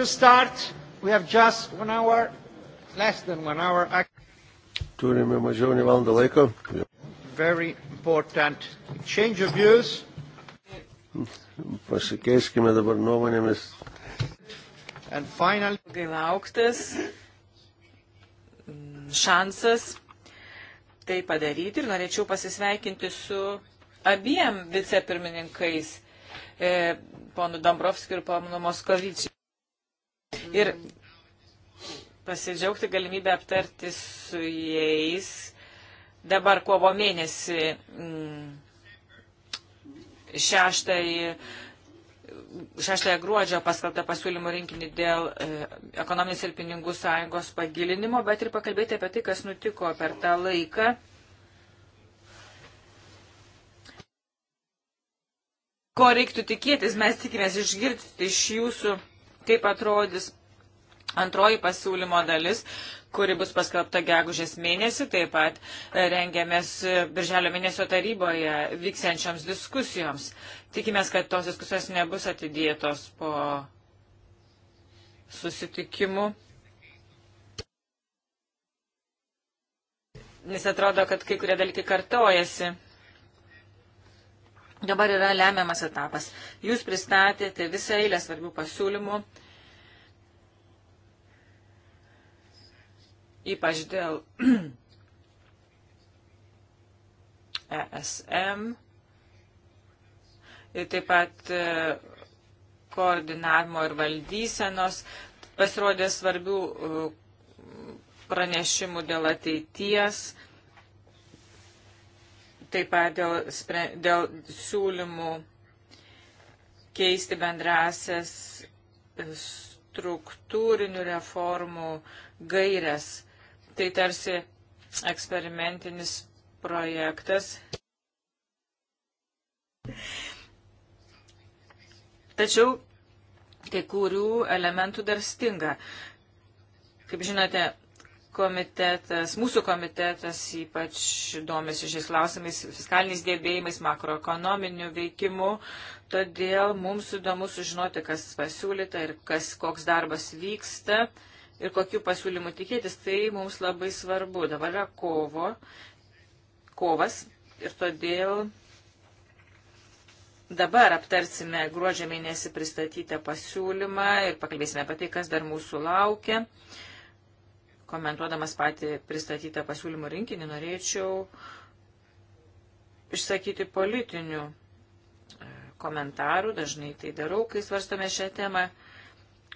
to start. We have just one hour, less than one hour. Turime mažiau nei valandą laiko. Very important change of views. Pasikeiskime dabar nuomonėmis. And final. Ilgai lauktas šansas tai padaryti ir norėčiau pasisveikinti su abiem vicepirmininkais, e, ponu Dombrovskiu ir ponu Moskovičiu ir pasidžiaugti galimybę aptarti su jais dabar kovo mėnesį mm, šeštąjį. Šeštąją gruodžio paskelbtą pasiūlymų rinkinį dėl e, ekonominės ir pinigų sąjungos pagilinimo, bet ir pakalbėti apie tai, kas nutiko per tą laiką. Ko reiktų tikėtis, mes tikimės išgirsti iš jūsų, kaip atrodys Antroji pasiūlymo dalis, kuri bus paskelbta gegužės mėnesį, taip pat e, rengiamės e, Birželio mėnesio taryboje vyksiančioms diskusijoms. Tikimės, kad tos diskusijos nebus atidėtos po susitikimų. Nes atrodo, kad kai kurie dalykai kartojasi. Dabar yra lemiamas etapas. Jūs pristatėte visą eilę svarbių pasiūlymų ypač dėl ESM e ir taip pat e, koordinavimo ir valdysenos pasirodė svarbių e, pranešimų dėl ateities, taip pat dėl, dėl siūlymų keisti bendrasias struktūrinių reformų gairias. Tai tarsi eksperimentinis projektas. Tačiau kai kurių elementų dar stinga. Kaip žinote, komitetas, mūsų komitetas ypač domisi šiais klausimais, fiskaliniais dėbėjimais, makroekonominiu veikimu, todėl mums įdomu sužinoti, kas pasiūlyta ir kas, koks darbas vyksta ir kokiu pasiūlymu tikėtis, tai mums labai svarbu. Dabar yra kovo, kovas ir todėl dabar aptarsime gruodžio mėnesį pristatytą pasiūlymą ir pakalbėsime apie tai, kas dar mūsų laukia. Komentuodamas patį pristatytą pasiūlymų rinkinį, norėčiau išsakyti politinių e, komentarų, dažnai tai darau, kai svarstome šią temą.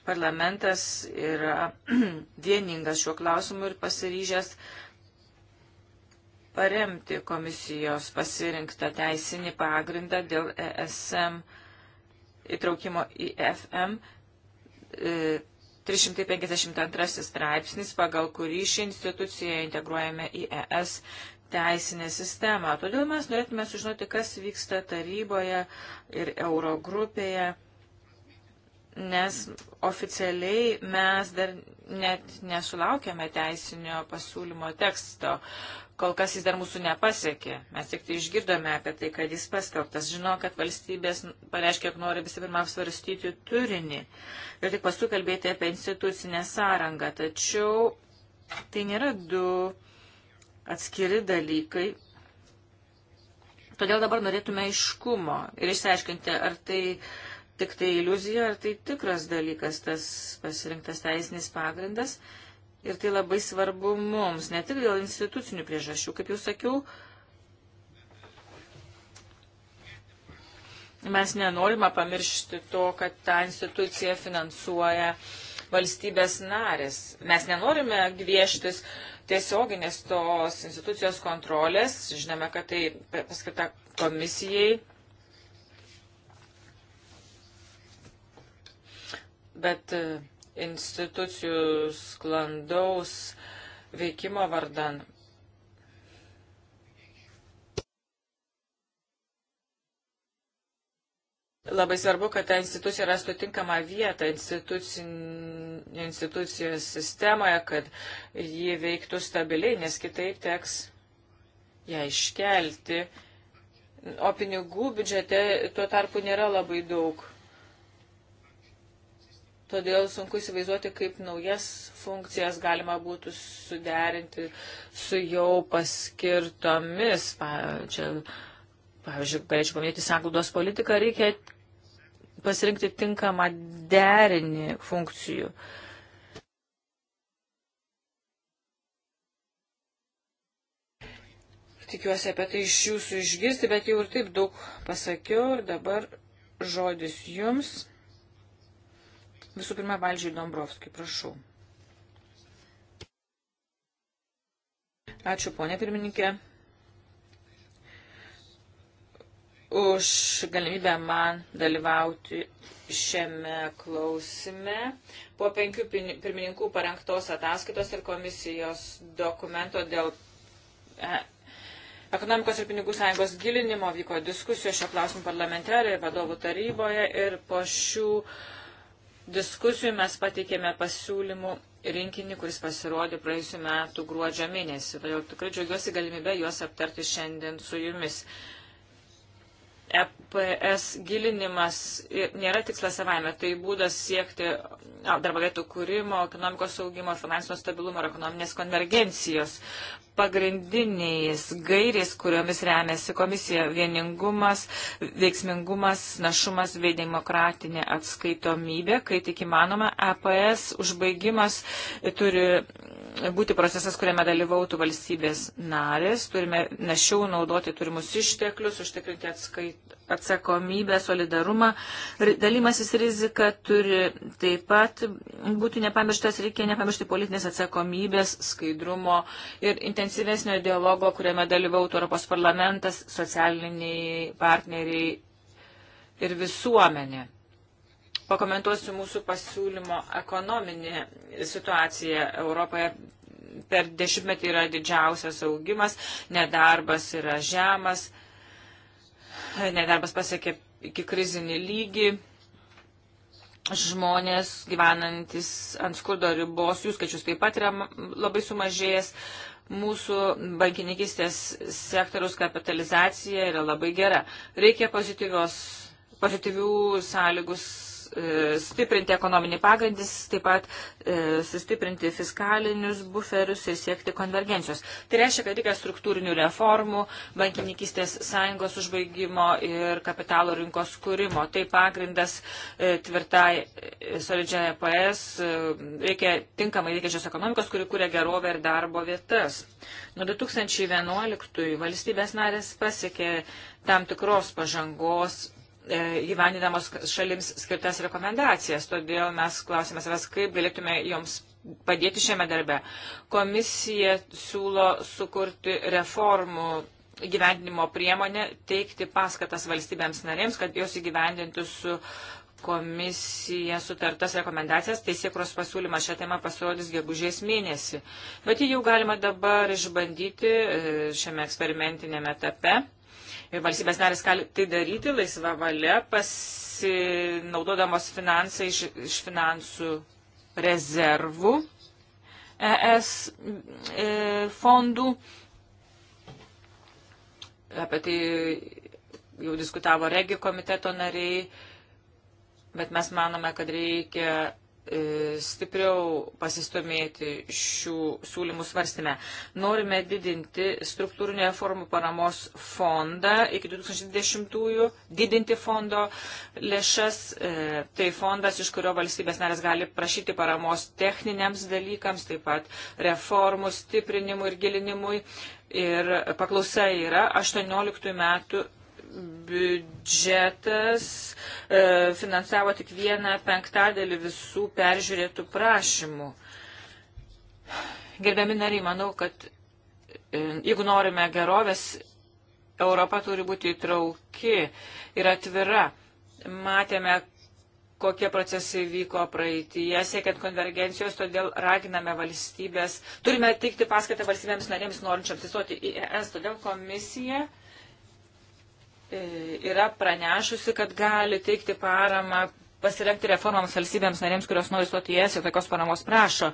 Parlamentas yra vieningas šiuo klausimu ir pasiryžęs paremti komisijos pasirinktą teisinį pagrindą dėl ESM įtraukimo į FM 352 e, straipsnis, pagal kurį ši institucija integruojame į ES teisinę sistemą. Todėl mes norėtume sužinoti, kas vyksta taryboje ir eurogrupėje nes oficialiai mes dar net nesulaukėme teisinio pasiūlymo teksto. Kol kas jis dar mūsų nepasiekė. Mes tik tai išgirdome apie tai, kad jis paskelbtas. Žino, kad valstybės pareiškia, jog nori visų pirma apsvarstyti turinį ir tik paskui kalbėti apie institucinę sąrangą. Tačiau tai nėra du atskiri dalykai. Todėl dabar norėtume aiškumo ir išsiaiškinti, ar tai uh, tik tai iliuzija, ar tai tikras dalykas, tas pasirinktas teisinis pagrindas. Ir tai labai svarbu mums, ne tik dėl institucinių priežasčių, kaip jau sakiau, mes nenorime pamiršti to, kad tą instituciją finansuoja valstybės narės. Mes nenorime gvieštis tiesioginės tos institucijos kontrolės, žinome, kad tai paskata komisijai bet e, institucijų sklandaus veikimo vardan. Labai svarbu, kad ta institucija rastų tinkamą vietą institucijos sistemoje, kad ji veiktų stabiliai, nes kitaip teks ją iškelti. O pinigų biudžete tuo tarpu nėra labai daug. Todėl sunku įsivaizduoti, kaip naujas funkcijas galima būtų suderinti su jau paskirtomis. Pavyzdžiui, galėčiau paminėti sanglaudos politiką, reikia pasirinkti tinkamą derinį funkcijų. Tikiuosi apie tai iš jūsų išgirsti, bet jau ir taip daug pasakiau ir dabar žodis jums. Visų pirma, Valdžiai Dombrovskijai, prašau. Ačiū, ponė pirmininkė, už galimybę man dalyvauti šiame klausime. Po penkių pirmininkų parengtos ataskaitos ir komisijos dokumento dėl e, Ekonomikos ir pinigų sąjungos gilinimo vyko diskusijos šio klausimų parlamente ir vadovų taryboje ir po šių uh, diskusijų mes pateikėme pasiūlymų rinkinį, kuris pasirodė praėjusiu metu gruodžio mėnesį. Todėl tikrai džiaugiuosi galimybę juos aptarti šiandien su jumis. EPS gilinimas nėra tikslas savaime, tai būdas siekti darbo vietų kūrimo, ekonomikos saugimo, finansinio stabilumo ir ekonominės konvergencijos pagrindiniais gairiais, kuriomis remiasi komisija - vieningumas, veiksmingumas, našumas bei demokratinė atskaitomybė. Kai tik įmanoma, EPS užbaigimas turi būti procesas, kuriame dalyvautų valstybės narės. Turime našiau naudoti turimus išteklius, užtikrinti atskait, atsakomybę, solidarumą. Dalymasis rizika turi taip pat būti nepamirštas, reikia nepamiršti politinės atsakomybės, skaidrumo ir intensyvesnio dialogo, kuriame dalyvautų Europos parlamentas, socialiniai partneriai ir visuomenė. Pakomentuosiu mūsų pasiūlymo ekonominį situaciją Europoje. Per dešimtmetį yra didžiausias augimas, nedarbas yra žemas, nedarbas pasiekė iki krizinį lygį, žmonės gyvenantis ant skurdo ribos, jų skaičius taip pat yra labai sumažėjęs, mūsų bankininkistės sektoriaus kapitalizacija yra labai gera. Reikia pozityvių sąlygus E, stiprinti ekonominį pagrindis, taip pat e, sustiprinti fiskalinius buferius ir siekti konvergencijos. Tai reiškia, kad reikia struktūrinių reformų, bankininkistės sąjungos užbaigimo ir kapitalo rinkos skūrimo. Tai pagrindas e, tvirtai solidžiai PS, reikia tinkamai veikiančios ekonomikos, kuri kūrė gerovę ir darbo vietas. Nuo 2011 valstybės narės pasiekė tam tikros pažangos E, gyvendinamos šalims skirtas rekomendacijas. Todėl mes klausime savęs, kaip galėtume joms padėti šiame darbe. Komisija siūlo sukurti reformų gyvendinimo priemonę, teikti paskatas valstybėms narėms, kad jos įgyvendintų su komisija sutartas rekomendacijas, teisėkros pasiūlymas šią temą pasirodys gegužės mėnesį. Bet jį jau galima dabar išbandyti e, šiame eksperimentinėme etape valstybės narės gali tai daryti laisvą valią, pasinaudodamos finansai iš, iš finansų rezervų ES e, fondų. Apie tai jau diskutavo regi komiteto nariai, bet mes manome, kad reikia E, stipriau pasistumėti šių siūlymų svarstymę. Norime didinti struktūrinio formų paramos fondą iki 2020-ųjų, didinti fondo lėšas. E, tai fondas, iš kurio valstybės narės gali prašyti paramos techniniams dalykams, taip pat reformų stiprinimui ir gilinimui. Ir paklausa yra 18 metų biudžetas e, finansavo tik vieną penktadalį visų peržiūrėtų prašymų. Gerbiami nariai, manau, kad e, jeigu norime gerovės, Europa turi būti įtrauki ir atvira. Matėme, kokie procesai vyko praeitįje, siekiant konvergencijos, todėl raginame valstybės, turime teikti paskatą valstybėms narėms norinčiams įstoti į ES, todėl komisija uh, E, yra pranešusi, kad gali teikti paramą pasirengti reformams valstybėms narėms, kurios nori stoti į es ir tokios paramos prašo.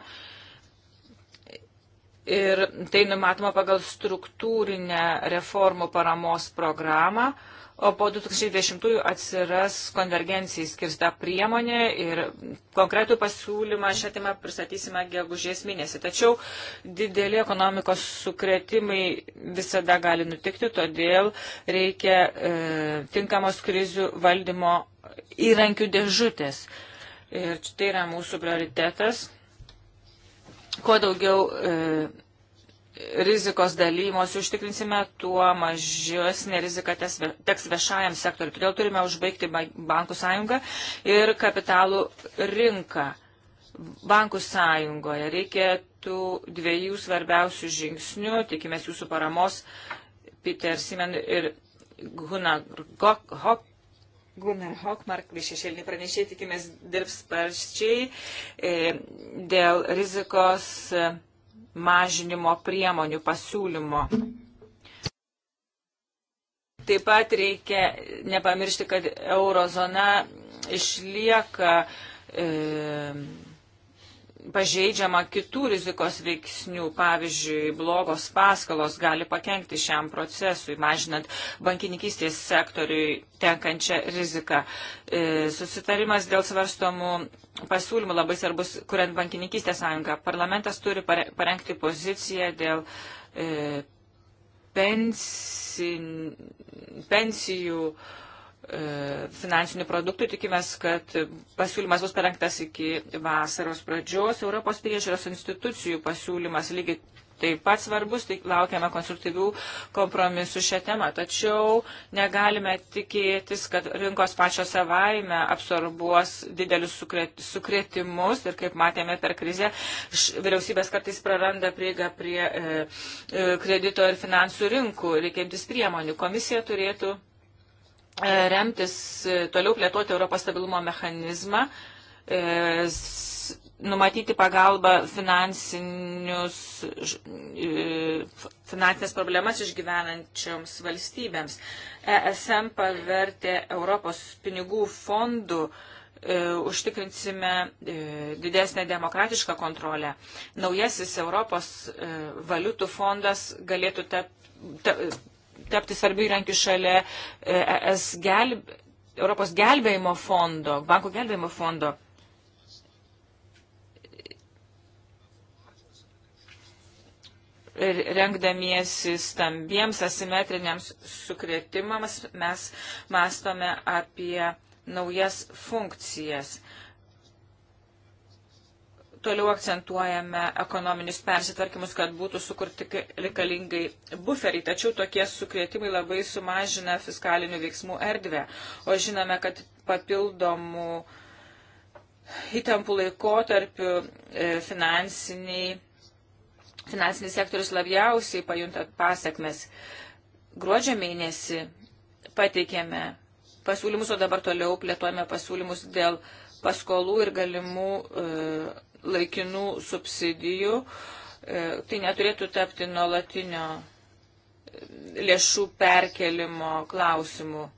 Ir tai numatoma pagal struktūrinę reformų paramos programą, o po 2010 atsiras konvergencijai skirta priemonė ir konkretų pasiūlymą šią temą pristatysime gegužės mėnesį. Tačiau dideli ekonomikos sukretimai visada gali nutikti, todėl reikia e, tinkamos krizių valdymo įrankių dėžutės. Ir tai yra mūsų prioritetas. Kuo daugiau e, rizikos dalymos užtikrinsime, tuo mažesnė rizika teks viešajam sektoriu. Todėl turime užbaigti bankų sąjungą ir kapitalų rinką. Bankų sąjungoje reikia tų dviejų svarbiausių žingsnių, tikimės jūsų paramos, Peter Simen ir Gunnar Hock Gunnar Hockmark, šešėlinį pranešėjai, tikimės dirbs sparčiai e, dėl rizikos. E, mažinimo priemonių pasiūlymo. Taip pat reikia nepamiršti, kad eurozona išlieka e, pažeidžiama kitų rizikos veiksnių, pavyzdžiui, blogos paskolos gali pakengti šiam procesui, mažinant bankininkystės sektoriui tenkančią riziką. E, susitarimas dėl svarstomų pasiūlymų labai svarbus, kuriant bankininkystės sąjungą. Parlamentas turi parengti poziciją dėl e, pensin, pensijų E, finansinių produktų. Tikimės, kad pasiūlymas bus parengtas iki vasaros pradžios. Europos priežiūros institucijų pasiūlymas lygiai taip pat svarbus, tai laukiame konstruktyvių kompromisų šią temą. Tačiau negalime tikėtis, kad rinkos pačio savaime absorbuos didelius sukretimus ir, kaip matėme per krizę, vyriausybės kartais praranda prieigą prie e, e, kredito ir finansų rinkų reikiantis priemonių. Komisija turėtų E, remtis e, toliau plėtoti Europos stabilumo mechanizmą, e, numatyti pagalbą finansinės problemas išgyvenančioms valstybėms. ESM pavertė Europos pinigų fondų užtikrinsime didesnę demokratišką kontrolę. Naujasis Europos valiutų fondas galėtų tap, ta, tapti svarbių įrankių šalia ES e gelb, Europos gelbėjimo fondo, bankų gelbėjimo fondo. rengdamiesi stambiems asimetriniams sukretimams, mes mastome apie naujas funkcijas toliau akcentuojame ekonominius persitvarkymus, kad būtų sukurti reikalingai buferiai, tačiau tokie sukrėtimai labai sumažina fiskalinių veiksmų erdvę. O žinome, kad papildomų įtampų laikotarpių e, finansiniai, finansinis sektorius labiausiai pajunta pasiekmes. Gruodžio mėnesį pateikėme pasiūlymus, o dabar toliau plėtojame pasiūlymus dėl paskolų ir galimų e, laikinų subsidijų, e, tai neturėtų tapti nuolatinio e, lėšų perkelimo klausimų.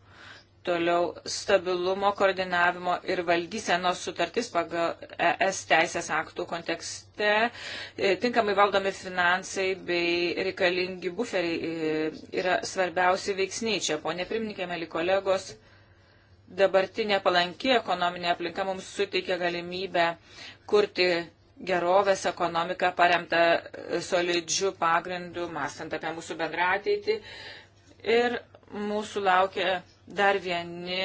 Toliau stabilumo, koordinavimo ir valdysenos sutartis pagal ES teisės aktų kontekste, e, tinkamai valdomi finansai bei reikalingi buferiai yra svarbiausi veiksniai čia. Pone pirmininkė, mėly kolegos, dabartinė palanki ekonominė aplinka mums suteikia galimybę kurti gerovės ekonomiką paremtą solidžių pagrindų, mąstant apie mūsų bendrą ateitį. Ir mūsų laukia dar vieni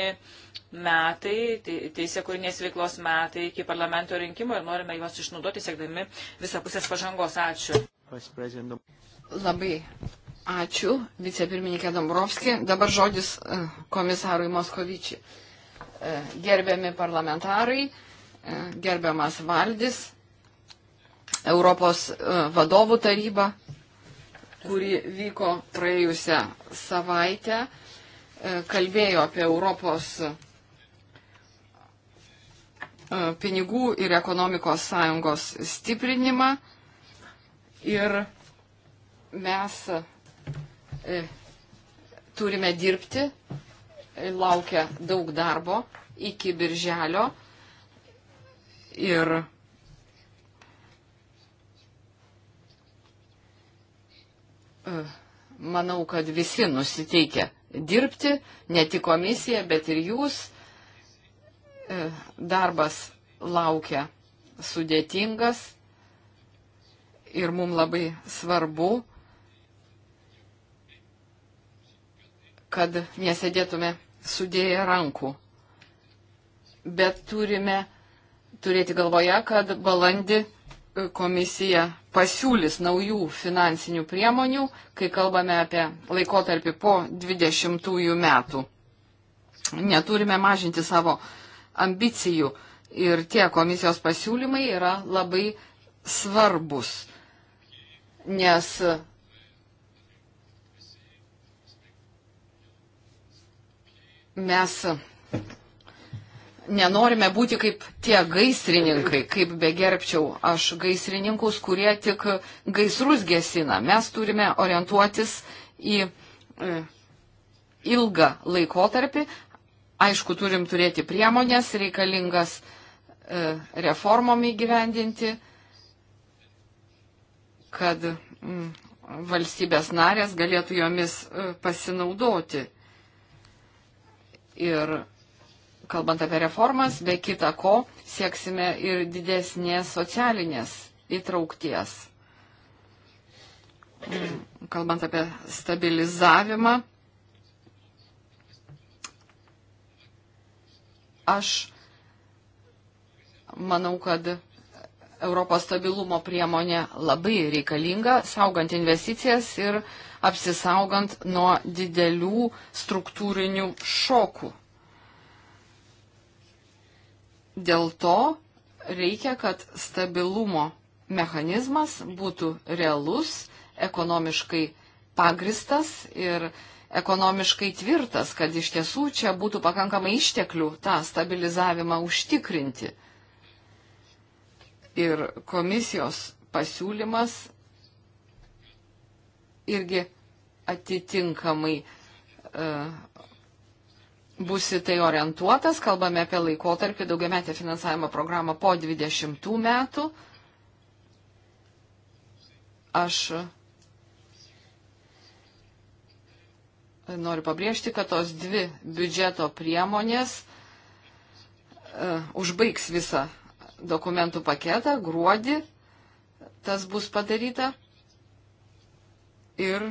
metai, teisė kūrinės veiklos metai iki parlamento rinkimų ir norime juos išnaudoti, siekdami visapusės pažangos. Ačiū. Labai ačiū, vicepirmininkė Dombrovskė. Dabar žodis eh, komisarui Moskovičiui. Eh, gerbiami parlamentarai. E, gerbiamas Valdis, Europos e, vadovų taryba, kuri vyko praėjusią savaitę, e, kalbėjo apie Europos pinigų ir ekonomikos sąjungos stiprinimą ir mes turime dirbti, laukia daug darbo iki birželio ir e, manau, kad visi nusiteikia dirbti, ne tik komisija, bet ir jūs. E, darbas laukia sudėtingas ir mums labai svarbu, kad nesėdėtume sudėję rankų, bet turime turėti galvoje, kad balandį e, komisija pasiūlys naujų finansinių priemonių, kai kalbame apie laikotarpį po 20 metų. Neturime mažinti savo ambicijų ir tie komisijos pasiūlymai yra labai svarbus, nes mes nenorime būti kaip tie gaisrininkai, kaip begerbčiau aš gaisrininkus, kurie tik gaisrus gesina. Mes turime orientuotis į e, ilgą laikotarpį. Aišku, turim turėti priemonės reikalingas e, reformom įgyvendinti, kad valstybės narės galėtų jomis e, pasinaudoti. Ir kalbant apie reformas, be kita ko, sieksime ir didesnės socialinės įtraukties. Mm, kalbant apie stabilizavimą, aš manau, kad Europos stabilumo priemonė labai reikalinga, saugant investicijas ir apsisaugant nuo didelių struktūrinių šokų. Dėl to reikia, kad stabilumo mechanizmas būtų realus, ekonomiškai pagristas ir ekonomiškai tvirtas, kad iš tiesų čia būtų pakankamai išteklių tą stabilizavimą užtikrinti. Ir komisijos pasiūlymas irgi atitinkamai uh, busitai orientuotas, kalbame apie laikotarpį daugiametę finansavimo programą po 20 metų. Aš noriu pabrėžti, kad tos dvi biudžeto priemonės uh, užbaigs visą dokumentų paketą gruodį. Tas bus padaryta. Ir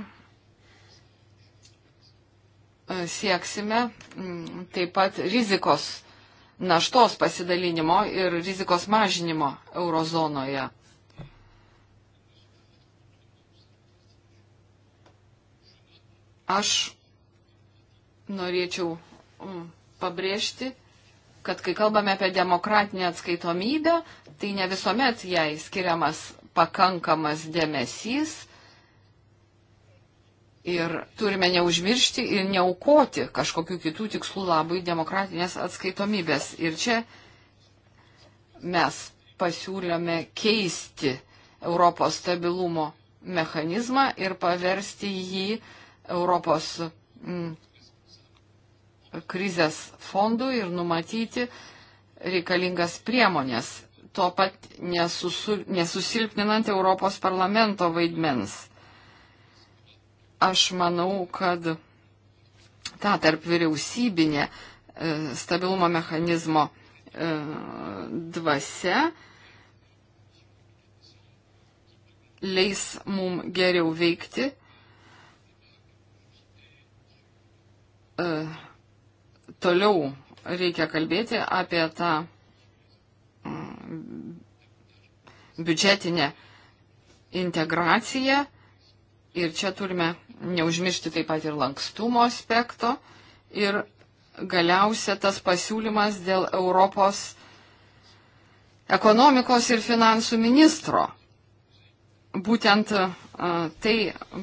sieksime mm, taip pat rizikos naštos pasidalinimo ir rizikos mažinimo eurozonoje. Aš norėčiau mm, pabrėžti, kad kai kalbame apie demokratinę atskaitomybę, tai ne visuomet jai skiriamas pakankamas dėmesys Ir turime neužmiršti ir neaukoti kažkokių kitų tikslų labai demokratinės atskaitomybės. Ir čia mes pasiūlėme keisti Europos stabilumo mechanizmą ir paversti jį Europos mm, krizės fondų ir numatyti reikalingas priemonės, tuo pat nesusu, nesusilpninant Europos parlamento vaidmens. Aš manau, kad ta tarp vyriausybinė e, stabilumo mechanizmo e, dvasia leis mum geriau veikti e, toliau reikia kalbėti apie tą mm, biudžetinę integraciją ir čia turime neužmiršti taip pat ir lankstumo aspekto. Ir galiausia tas pasiūlymas dėl Europos ekonomikos ir finansų ministro. Būtent tai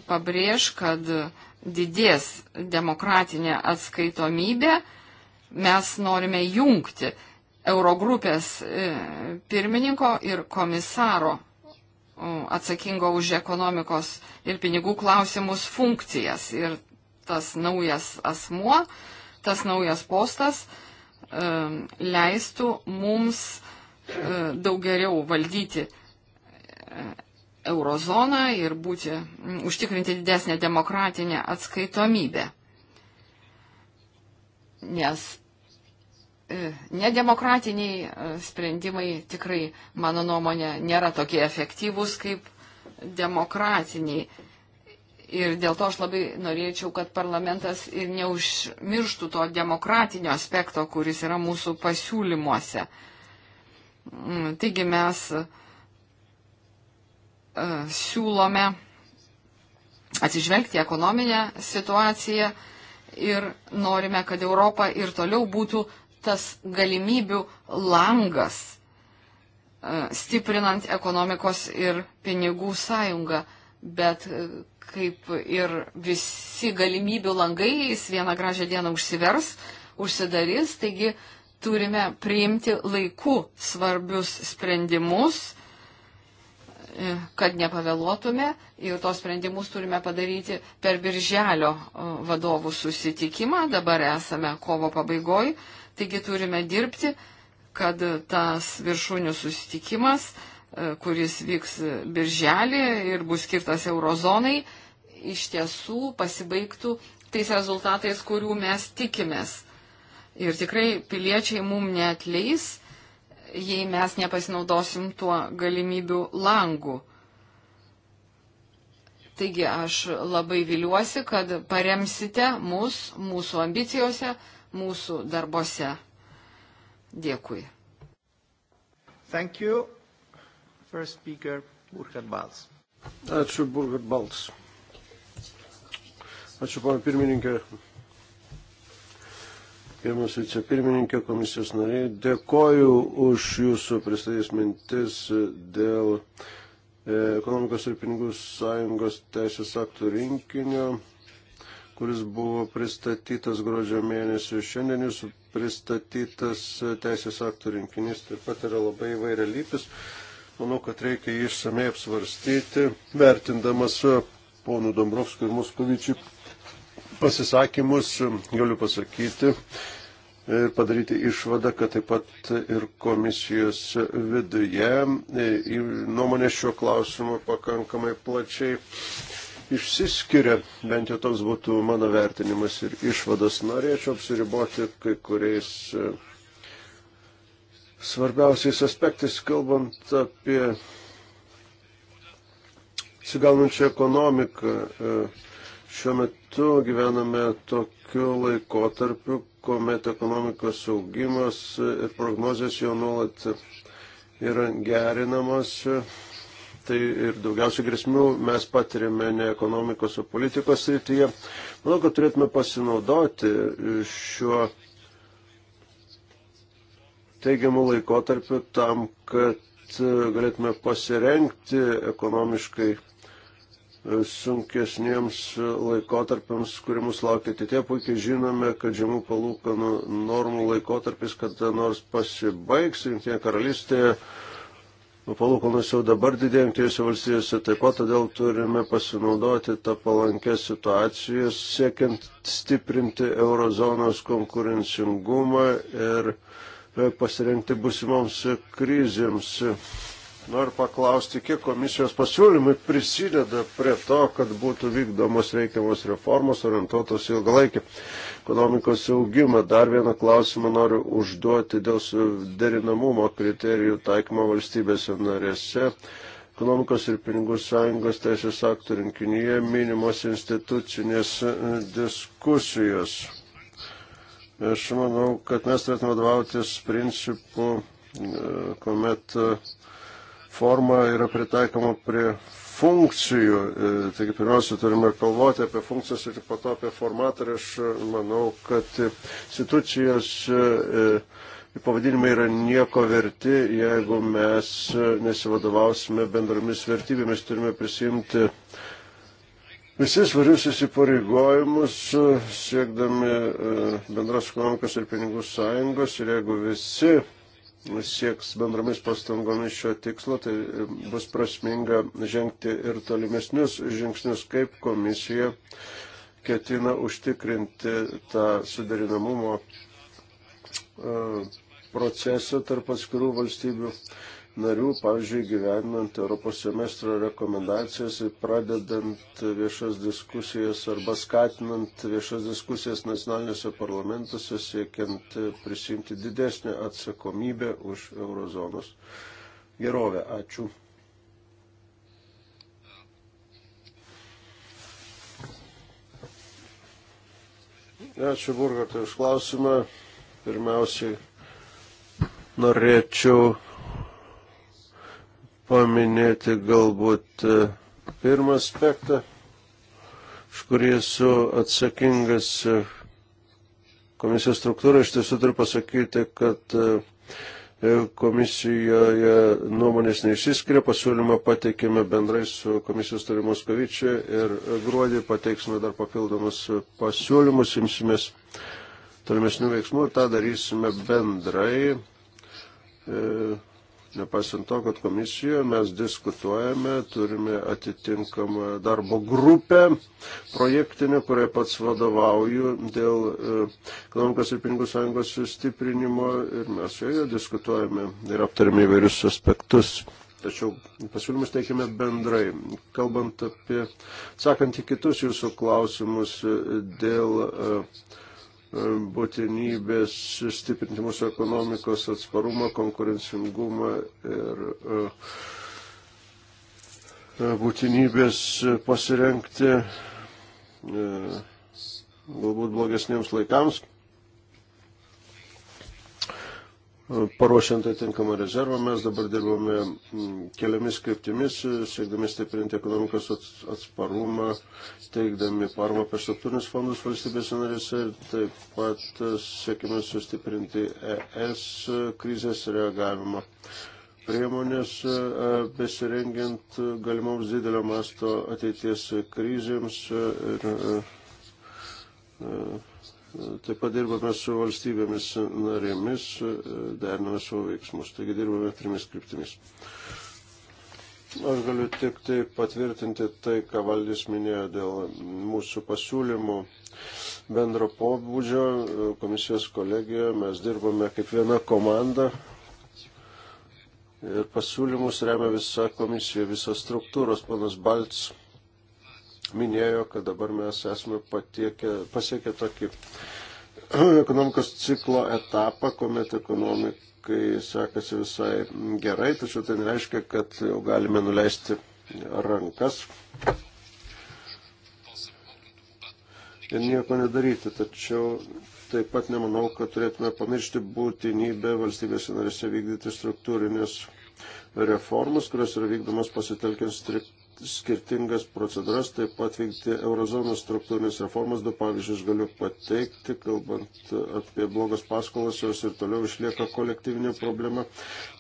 pabrėž, kad didės demokratinė atskaitomybė, mes norime jungti Eurogrupės e, pirmininko ir komisaro atsakingo už ekonomikos ir pinigų klausimus funkcijas. Ir tas naujas asmuo, tas naujas postas e, leistų mums e, daug geriau valdyti e, eurozoną ir būti, užtikrinti didesnę demokratinę atskaitomybę. Nes E, nedemokratiniai e, sprendimai tikrai, mano nuomonė, nėra tokie efektyvūs kaip demokratiniai. Ir dėl to aš labai norėčiau, kad parlamentas ir neužmirštų to demokratinio aspekto, kuris yra mūsų pasiūlymuose. Mm, taigi mes e, siūlome atsižvelgti ekonominę situaciją ir norime, kad Europa ir toliau būtų tas galimybių langas, e, stiprinant ekonomikos ir pinigų sąjungą. Bet e, kaip ir visi galimybių langai, jis vieną gražią dieną užsivers, užsidarys, taigi turime priimti laiku svarbius sprendimus e, kad nepavėluotume ir tos sprendimus turime padaryti per birželio vadovų susitikimą. Dabar esame kovo pabaigoj. Taigi turime dirbti, kad tas viršūnių susitikimas, e, kuris vyks birželį ir bus skirtas eurozonai, iš tiesų pasibaigtų tais rezultatais, kurių mes tikimės. Ir tikrai piliečiai mum neatleis, jei mes nepasinaudosim tuo galimybių langu. Taigi aš labai viliuosi, kad paremsite mus mūsų ambicijose, mūsų darbose. Dėkui. Thank you. First speaker, Burkhard Balts. Ačiū, Burkhard Balts. Ačiū, pana pirmininkė. Pirmas vicepirmininkė, komisijos nariai, dėkoju už jūsų pristatys mintis dėl e, ekonomikos ir pinigų sąjungos teisės aktų rinkinio kuris buvo pristatytas gruodžio mėnesį. Šiandien jūsų pristatytas teisės aktų rinkinys taip pat yra labai įvairialypis. Manau, kad reikia jį išsamei apsvarstyti, vertindamas ponų Dombrovskų ir Moskovičių pasisakymus, galiu pasakyti ir padaryti išvadą, kad taip pat ir komisijos viduje nuomonė šiuo klausimu pakankamai plačiai išsiskiria, bent jau toks būtų mano vertinimas ir išvadas. Norėčiau apsiriboti kai kuriais e, svarbiausiais aspektais, kalbant apie atsigaunančią ekonomiką. E, šiuo metu gyvename tokiu laikotarpiu, kuomet ekonomikos augimas ir prognozijas jau nuolat yra gerinamas tai ir daugiausiai grėsmių mes patirime ne ekonomikos, o politikos srityje. Manau, kad turėtume pasinaudoti šiuo teigiamu laikotarpiu tam, kad galėtume pasirenkti ekonomiškai sunkesniems laikotarpiams, kurie mus laukia ateitie. Puikiai žinome, kad žemų palūkanų normų laikotarpis kada nors pasibaigs. Jungtinė karalystėje palūkanas jau dabar didėjantys valstybėse, taip pat todėl turime pasinaudoti tą palankę situaciją, siekiant stiprinti eurozonos konkurencingumą ir e, pasirengti busimoms krizėms. Noriu paklausti, kiek komisijos pasiūlymai prisideda prie to, kad būtų vykdomos reikiamos reformos orientuotos ilgalaikį ekonomikos augimą. Dar vieną klausimą noriu užduoti dėl derinamumo kriterijų taikymo valstybėse narėse. Ekonomikos ir pinigų sąjungos teisės aktų rinkinyje minimos institucinės e, diskusijos. Aš manau, kad mes turėtume vadovautis principu, e, kuomet e, forma yra pritaikoma prie funkcijų. E, taigi pirmiausia, turime kalvoti apie funkcijas ir po to apie formatą. Ir aš manau, kad institucijos e, e, pavadinimai yra nieko verti, jeigu mes nesivadovausime bendromis vertybėmis, turime prisimti. Visi svarius įsipareigojimus siekdami bendros ekonomikos ir pinigų sąjungos ir jeigu visi sieks bendromis pastangomis šio tikslo, tai bus prasminga žengti ir tolimesnius žingsnius, kaip komisija ketina užtikrinti tą suderinamumo e, procesą tarp atskirų valstybių narių, pavyzdžiui, gyvenant Europos semestro rekomendacijas ir pradedant viešas diskusijas arba skatinant viešas diskusijas nacionaliniuose parlamentuose, siekiant prisimti didesnį atsakomybę už eurozonos gerovę. Ačiū. Ačiū Burgartai už klausimą. Pirmiausiai norėčiau paminėti galbūt e, pirmą aspektą, už kurį esu atsakingas e, komisijos struktūrą. Iš tiesų turiu pasakyti, kad e, komisijoje nuomonės neišsiskiria, pasiūlymą pateikėme bendrai su komisijos tarimu Moskovičiu ir gruodį pateiksime dar papildomus pasiūlymus, imsimės tolimesnių veiksmų ir tą darysime bendrai. E, Nepaisant to, kad komisijoje mes diskutuojame, turime atitinkamą darbo grupę projektinę, kuriai pats vadovauju dėl e, ekonomikos ir pinigų sąjungos sustiprinimo ir mes joje diskutuojame ir aptarėme įvairius aspektus. Tačiau pasiūlymus teikiame bendrai. Kalbant apie, sakant į kitus jūsų klausimus e, dėl uh, būtinybės stiprinti mūsų ekonomikos atsparumą, konkurencingumą ir e, e, būtinybės pasirenkti e, galbūt blogesniems laikams. paruošiant atitinkamą rezervą. Mes dabar dirbame mm, keliomis kryptimis, siekdami stiprinti ekonomikos atsparumą, teikdami parmą per struktūrinius fondus valstybės narėse ir taip pat siekime sustiprinti ES krizės reagavimą priemonės e, besirengiant galimoms didelio masto ateities krizėms ir e, e, Taip pat dirbame su valstybėmis narėmis, e, deriname savo veiksmus. Taigi dirbame trimis kryptimis. Aš galiu tik tai patvirtinti tai, ką valdys minėjo dėl mūsų pasiūlymų bendro pobūdžio. Komisijos kolegijoje mes dirbame kaip viena komanda. Ir pasiūlymus remia visa komisija, visas struktūros, panas Balts minėjo, kad dabar mes esame patiekę, pasiekę tokį ekonomikos ciklo etapą, kuomet ekonomikai sekasi visai gerai, tačiau tai nereiškia, kad jau galime nuleisti rankas ir nieko nedaryti. Tačiau taip pat nemanau, kad turėtume pamiršti būtinybę valstybės narėse vykdyti struktūrinės reformas, kurios yra vykdomas pasitelkiant strikt skirtingas procedūras, taip pat vykti eurozonos struktūrinės reformas. Du pavyzdžius galiu pateikti, kalbant apie blogas paskolas, jos ir toliau išlieka kolektyvinė problema.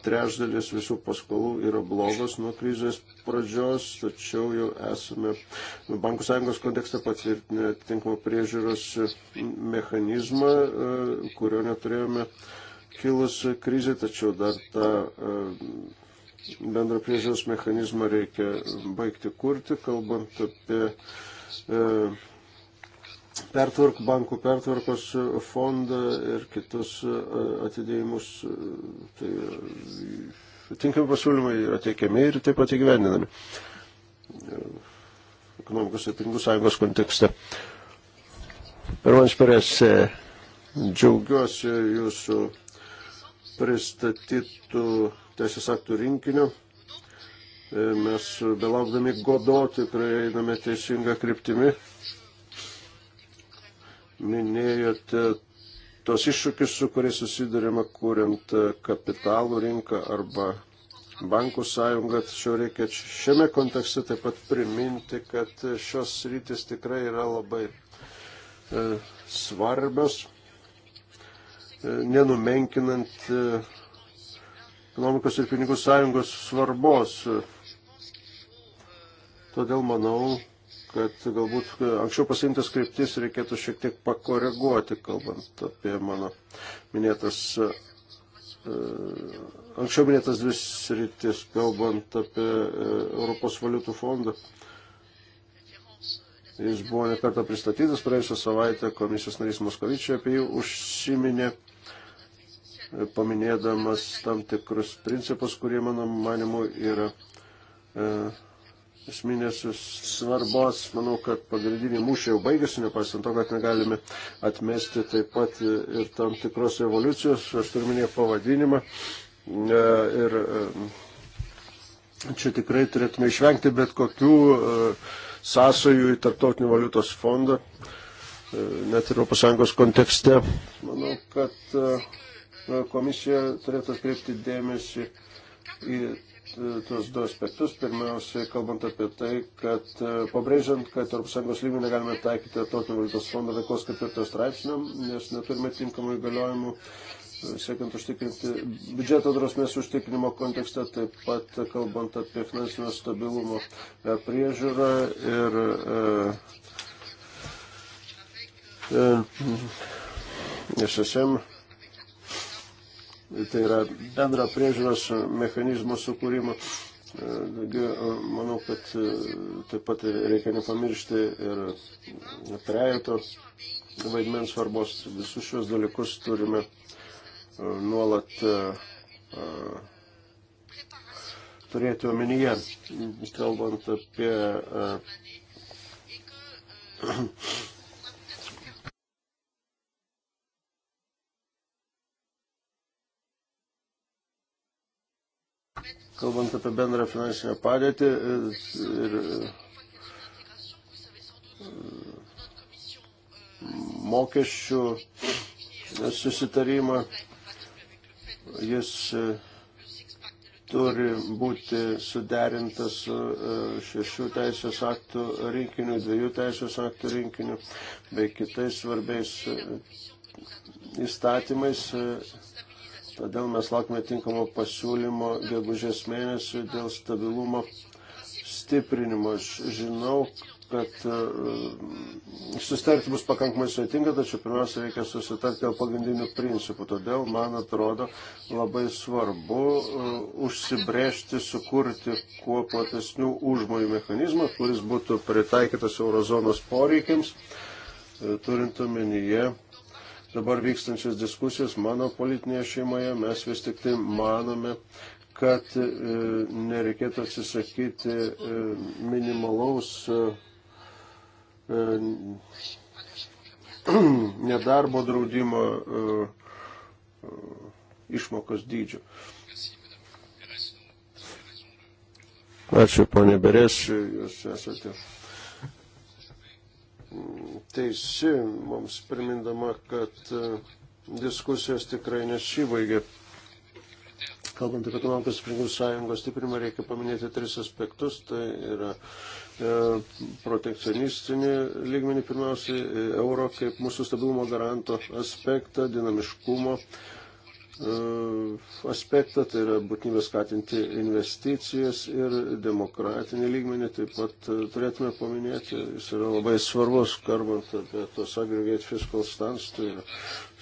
Trečdalis visų paskolų yra blogos nuo krizės pradžios, tačiau jau esame Bankų sąjungos kontekste patvirtinę atitinkamą priežiūros mechanizmą, e, kurio neturėjome kilus krizė, tačiau dar ta. Uh, bendro priežiūros mechanizmą reikia baigti kurti, kalbant apie e, pertvark, bankų pertvarkos fondą ir kitus e, atidėjimus. E, tai tinkami pasiūlymai yra teikiami ir taip pat įgyvendinami e, ekonomikos ir pinigų sąjungos kontekste. Pirmans perės, džiaugiuosi jūsų pristatytų teisės aktų rinkinio. E, mes belaukdami godo tikrai einame teisingą kryptimį. Minėjote tos iššūkis, su kuriais susidurima kuriant e, kapitalų rinką arba bankų sąjungą, tačiau reikia šiame kontekste taip pat priminti, kad šios rytis tikrai yra labai e, svarbios, e, nenumenkinant e, ekonomikos ir pinigų sąjungos svarbos. Todėl manau, kad galbūt anksčiau pasimtas kryptis reikėtų šiek tiek pakoreguoti, kalbant apie mano minėtas, e, anksčiau minėtas dvi sritis, kalbant apie e, Europos valiutų fondą. Jis buvo nekartą pristatytas praėjusią savaitę, komisijos narys Moskovičiai apie jį užsiminė paminėdamas tam tikrus principus, kurie mano manimu yra e, esminės svarbos. Manau, kad pagrindiniai mūšiai jau baigėsi, nepaisant to, kad negalime atmesti taip pat ir tam tikros evoliucijos, aš turiu minėti pavadinimą. E, ir e, čia tikrai turėtume išvengti bet kokių sąsojų į Tartautinį valiutos fondą, net ir Europos Sąjungos kontekste. Manau, kad Komisija turėtų atkreipti dėmesį į tuos du aspektus. Pirmiausia, kalbant apie tai, kad e, pabrėžiant, kad ES lygių negalime taikyti tokio valiutos fondo veiklos ketvirtojo straipsnio, nes neturime tinkamų įgaliojimų, e, siekiant užtikrinti biudžeto drausmės užtikrinimo kontekste, taip pat kalbant apie finansinio stabilumo e, priežiūrą ir. E, e, SSM tai yra bendro priežiūros mechanizmo sukūrimo. E, e, manau, kad e, taip pat reikia nepamiršti ir trejato vaidmens svarbos. Visus šios dalykus turime nuolat turėti omenyje, kalbant apie kalbant apie bendrą finansinę padėtį ir e, mokesčių susitarimą, jis e, turi būti suderintas su e, šešių teisės aktų rinkiniu, dviejų teisės aktų rinkiniu bei kitais svarbiais įstatymais Todėl mes laukime tinkamo pasiūlymo gegužės mėnesių dėl stabilumo stiprinimo. Aš žinau, kad e, susitarti bus pakankamai sudėtinga, tačiau pirmiausia reikia susitarti dėl pagrindinių principų. Todėl, man atrodo, labai svarbu e, užsibrėžti, sukurti kuo platesnių užmojų mechanizmą, kuris būtų pritaikytas eurozonos poreikiams, e, turint omenyje dabar vykstančias diskusijas mano politinėje šeimoje, mes vis tik tai manome, kad e, nereikėtų atsisakyti e, minimalaus e, nedarbo draudimo išmokos dydžio. Ačiū, ponė Beres, jūs esate teisi, mums primindama, kad e, diskusijos tikrai nesibaigė. Kalbant apie ekonomikos sprendimų sąjungos stiprimą, reikia paminėti tris aspektus. Tai yra e, protekcionistinį lygmenį pirmiausiai, e, euro kaip mūsų stabilumo garanto aspektą, dinamiškumo e, E, aspektą, tai yra būtinybė skatinti investicijas ir demokratinį lygmenį, taip pat e, turėtume paminėti, jis yra labai svarbus, kalbant apie tos aggregate fiscal stance, tai yra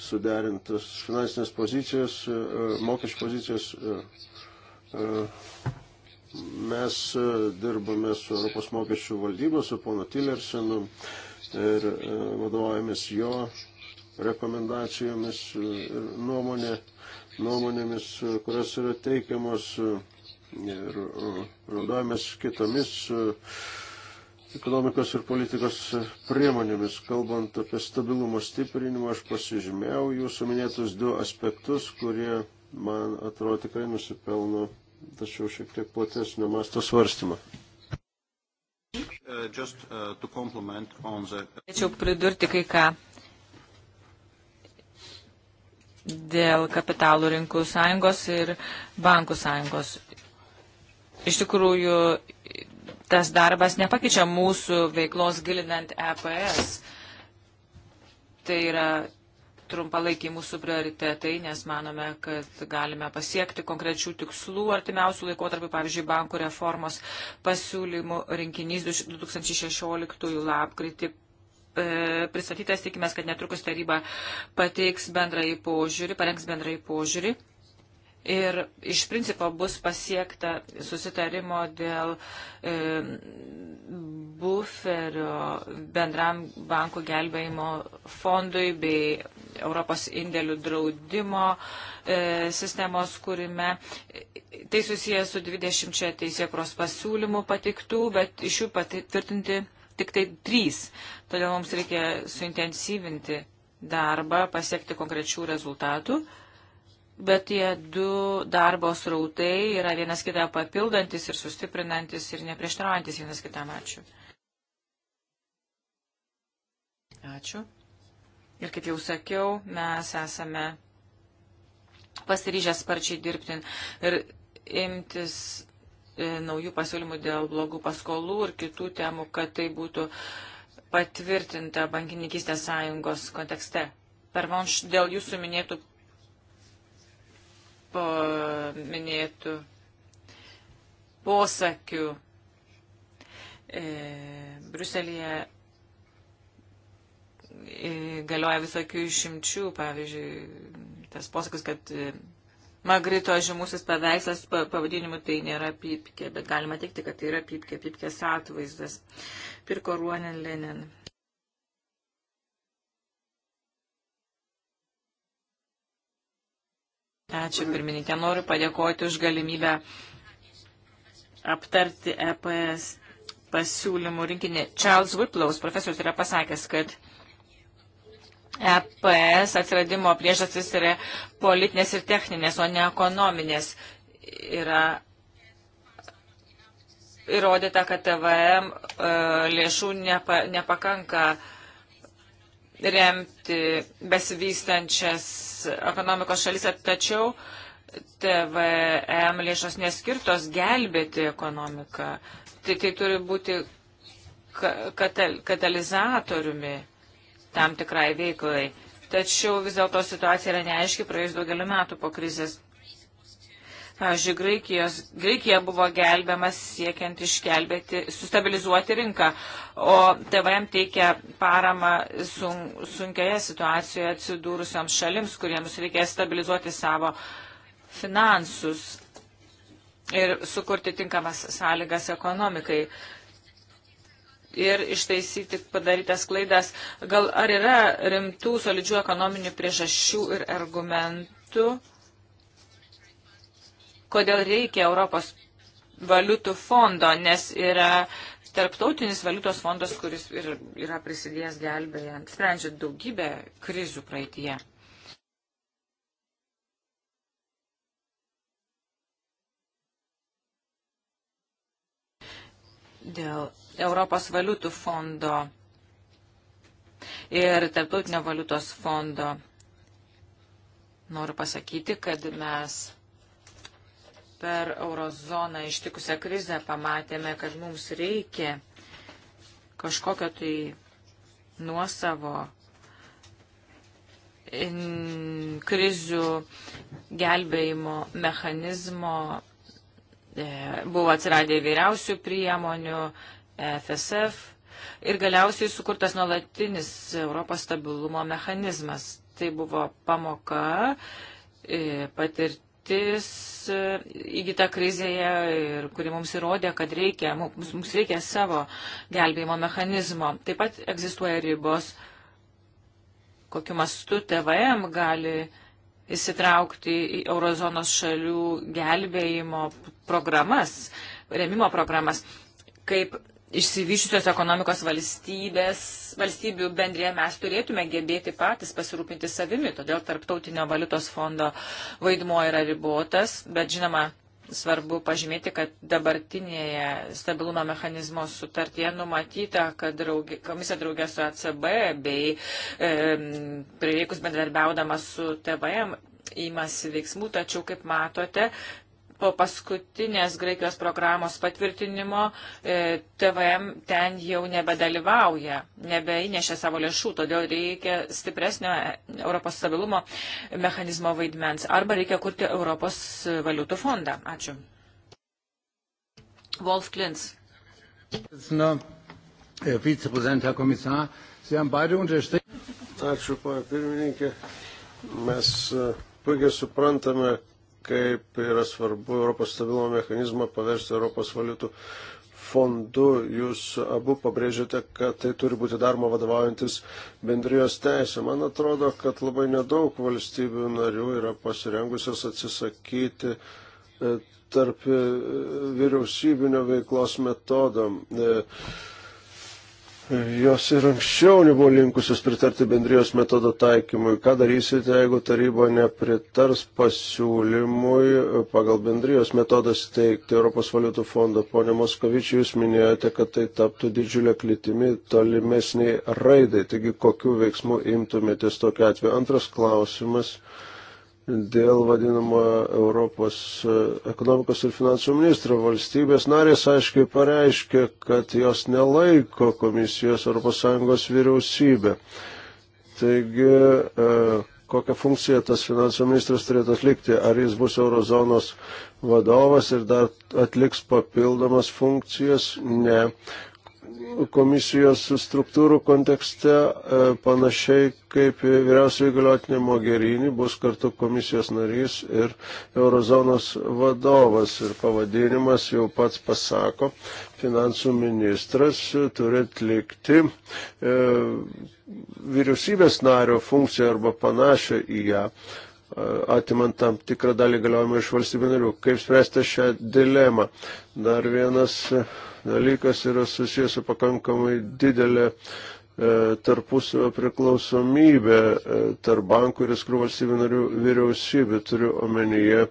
suderintas finansinės pozicijos, e, mokesčių pozicijos. Mes dirbame su Europos mokesčių valdyba, su ponu Tillersenu ir vadovaujamės jo rekomendacijomis ir nuomonė nuomonėmis, kurios yra teikiamos ir naudojamės kitomis e, ekonomikos ir politikos priemonėmis. Kalbant apie stabilumo stiprinimą, aš pasižymėjau jūsų minėtus du aspektus, kurie man atrodo tikrai nusipelno, tačiau šiek tiek platesnio masto svarstymą. Uh, uh, Norėčiau the... pridurti kai ką dėl kapitalų rinkų sąjungos ir bankų sąjungos. Iš tikrųjų, tas darbas nepakeičia mūsų veiklos gilinant EPS. Tai yra trumpalaikiai mūsų prioritetai, nes manome, kad galime pasiekti konkrečių tikslų artimiausių laikotarpių, pavyzdžiui, bankų reformos pasiūlymų rinkinys 2016 lapkritį E, pristatytas, tikimės, kad netrukus taryba pateiks bendrąjį požiūrį, parengs bendrąjį požiūrį. Ir iš principo bus pasiekta susitarimo dėl e, buferio bendram bankų gelbėjimo fondui bei Europos indėlių draudimo e, sistemos kūrime. Tai susijęs su 20 teisėkros pasiūlymų patiktų, bet iš jų patvirtinti. Pati tik tai trys. Todėl mums reikia suintensyvinti darbą, pasiekti konkrečių rezultatų. Bet tie du darbo srautai yra vienas kitą papildantis ir sustiprinantis ir neprieštaraujantis vienas kitam. Ačiū. Ačiū. Ir kaip jau sakiau, mes esame pasiryžę sparčiai dirbti ir imtis E, naujų pasiūlymų dėl blogų paskolų ir kitų temų, kad tai būtų patvirtinta bankininkystės sąjungos kontekste. Pervonš, dėl jūsų minėtų, po, minėtų posakių e, Bruselėje e, galioja visokių išimčių, pavyzdžiui, tas posakis, kad e, Magrito žymusis paveikslas pavadinimu tai nėra pipkė, bet galima teikti, kad tai yra pipkė, pipkės atvaizdas. Pirko Ruonen Lenin. Ačiū pirmininkė, noriu padėkoti už galimybę aptarti EPS pasiūlymų rinkinį. Charles Whiplows profesorius yra pasakęs, kad EPS atsiradimo priežastis yra politinės ir techninės, o ne ekonominės. Yra įrodyta, kad TVM e, lėšų nepa, nepakanka remti besivystančias ekonomikos šalis, tačiau TVM lėšos neskirtos gelbėti ekonomiką. Tai, tai turi būti katalizatoriumi tam tikrai veiklai. Tačiau vis dėlto situacija yra neaiški praėjus daugeliu metų po krizės. Pavyzdžiui, Graikijos, Graikija buvo gelbėmas siekiant išgelbėti, sustabilizuoti rinką, o TVM teikia paramą sun, sunkioje situacijoje atsidūrusioms šalims, kuriems reikia stabilizuoti savo finansus ir sukurti tinkamas sąlygas ekonomikai ir ištaisyti padarytas klaidas. Gal ar yra rimtų solidžių ekonominių priežasčių ir argumentų, kodėl reikia Europos valiutų fondo, nes yra tarptautinis valiutos fondas, kuris ir, yra prisidėjęs gelbėjant, sprendžiant daugybę krizių praeitie. Dėl Europos valiutų fondo ir Tarptautinio valiutos fondo. Noriu pasakyti, kad mes per eurozoną ištikusią krizę pamatėme, kad mums reikia kažkokio tai nuosavo krizių gelbėjimo mechanizmo. E, buvo atsiradę įvairiausių priemonių, FSF ir galiausiai sukurtas nuolatinis Europos stabilumo mechanizmas. Tai buvo pamoka, e, patirtis e, įgyta krizėje ir kuri mums įrodė, kad reikia, mums, mums reikia savo gelbėjimo mechanizmo. Taip pat egzistuoja ribos, kokiu mastu TVM gali įsitraukti į eurozonos šalių gelbėjimo programas, remimo programas. Kaip išsivyščiusios ekonomikos valstybės, valstybių bendrėje mes turėtume gebėti patys pasirūpinti savimi, todėl tarptautinio valiutos fondo vaidmuo yra ribotas, bet žinoma, svarbu pažymėti, kad dabartinėje stabilumo mechanizmo sutartyje numatyta, kad draugė, komisija draugė su ACB bei e, prireikus bendradarbiaudama su TVM įmasi veiksmų, tačiau, kaip matote, po paskutinės Graikijos programos patvirtinimo e, TVM ten jau nebedalyvauja, nebeinešia savo lėšų, todėl reikia stipresnio Europos stabilumo mechanizmo vaidmens arba reikia kurti Europos valiutų fondą. Ačiū. Wolf Klins. Ačiū, pana pirmininkė. Mes e, puikiai suprantame, kaip yra svarbu Europos stabilumo mechanizmą paversti Europos valiutų fondu. Jūs abu pabrėžiate, kad tai turi būti daroma vadovaujantis bendrijos teisė. Man atrodo, kad labai nedaug valstybių narių yra pasirengusios atsisakyti e, tarp e, vyriausybinio veiklos metodam. E, Jos ir anksčiau nebuvo linkusios pritarti bendrijos metodo taikymui. Ką darysite, jeigu taryba nepritars pasiūlymui pagal bendrijos metodą steigti Europos valiutų fondą? Pone Moskovičiai, jūs minėjote, kad tai taptų didžiulę klitimį tolimesniai raidai. Taigi, kokiu veiksmu imtumėtės tokiu atveju? Antras klausimas dėl vadinamo Europos e, ekonomikos ir finansų ministro valstybės narės aiškiai pareiškė, kad jos nelaiko komisijos ES vyriausybė. Taigi, e, kokią funkciją tas finansų ministras turėtų atlikti? Ar jis bus eurozonos vadovas ir dar atliks papildomas funkcijas? Ne komisijos struktūrų kontekste, e, panašiai kaip vyriausiai galiotinė Mogherini, bus kartu komisijos narys ir eurozonos vadovas. Ir pavadinimas jau pats pasako, finansų ministras turi atlikti e, vyriausybės nario funkciją arba panašią į ją e, atimant tam tikrą dalį galiojimą iš valstybių narių. Kaip spręsti šią dilemą? Dar vienas dalykas yra susijęs su pakankamai didelė e, tarpusavio priklausomybė e, tarp bankų ir atskirų valstybių narių vyriausybių, turiu omenyje,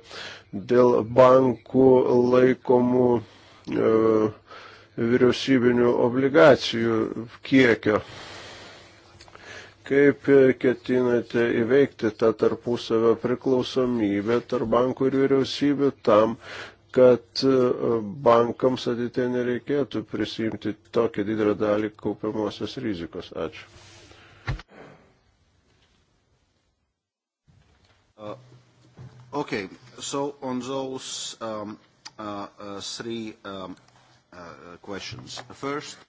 dėl bankų laikomų e, vyriausybinių obligacijų kiekio. Kaip ketinate įveikti tą tarpusavio priklausomybę tarp bankų ir vyriausybių tam, kad e, bankams ateitie nereikėtų prisimti tokią didelę dalį kaupiamosios rizikos. Ačiū. Uh, okay, so on those um, uh, uh, three um, uh, questions. First.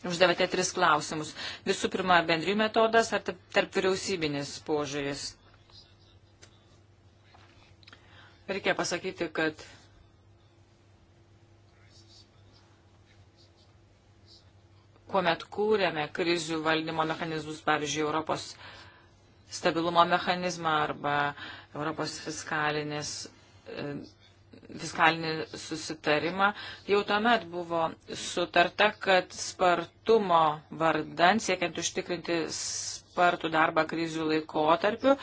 Uždavėte tris klausimus. Visų pirma, bendrių metodas ar tarp vyriausybinis požiūris Reikia pasakyti, kad kuomet kūrėme krizių valdymo mechanizmus, pavyzdžiui, Europos stabilumo mechanizmą arba Europos fiskalinės, e, fiskalinį susitarimą, jau tuomet buvo sutarta, kad spartumo vardan, siekiant užtikrinti spartų darbą krizių laikotarpiu.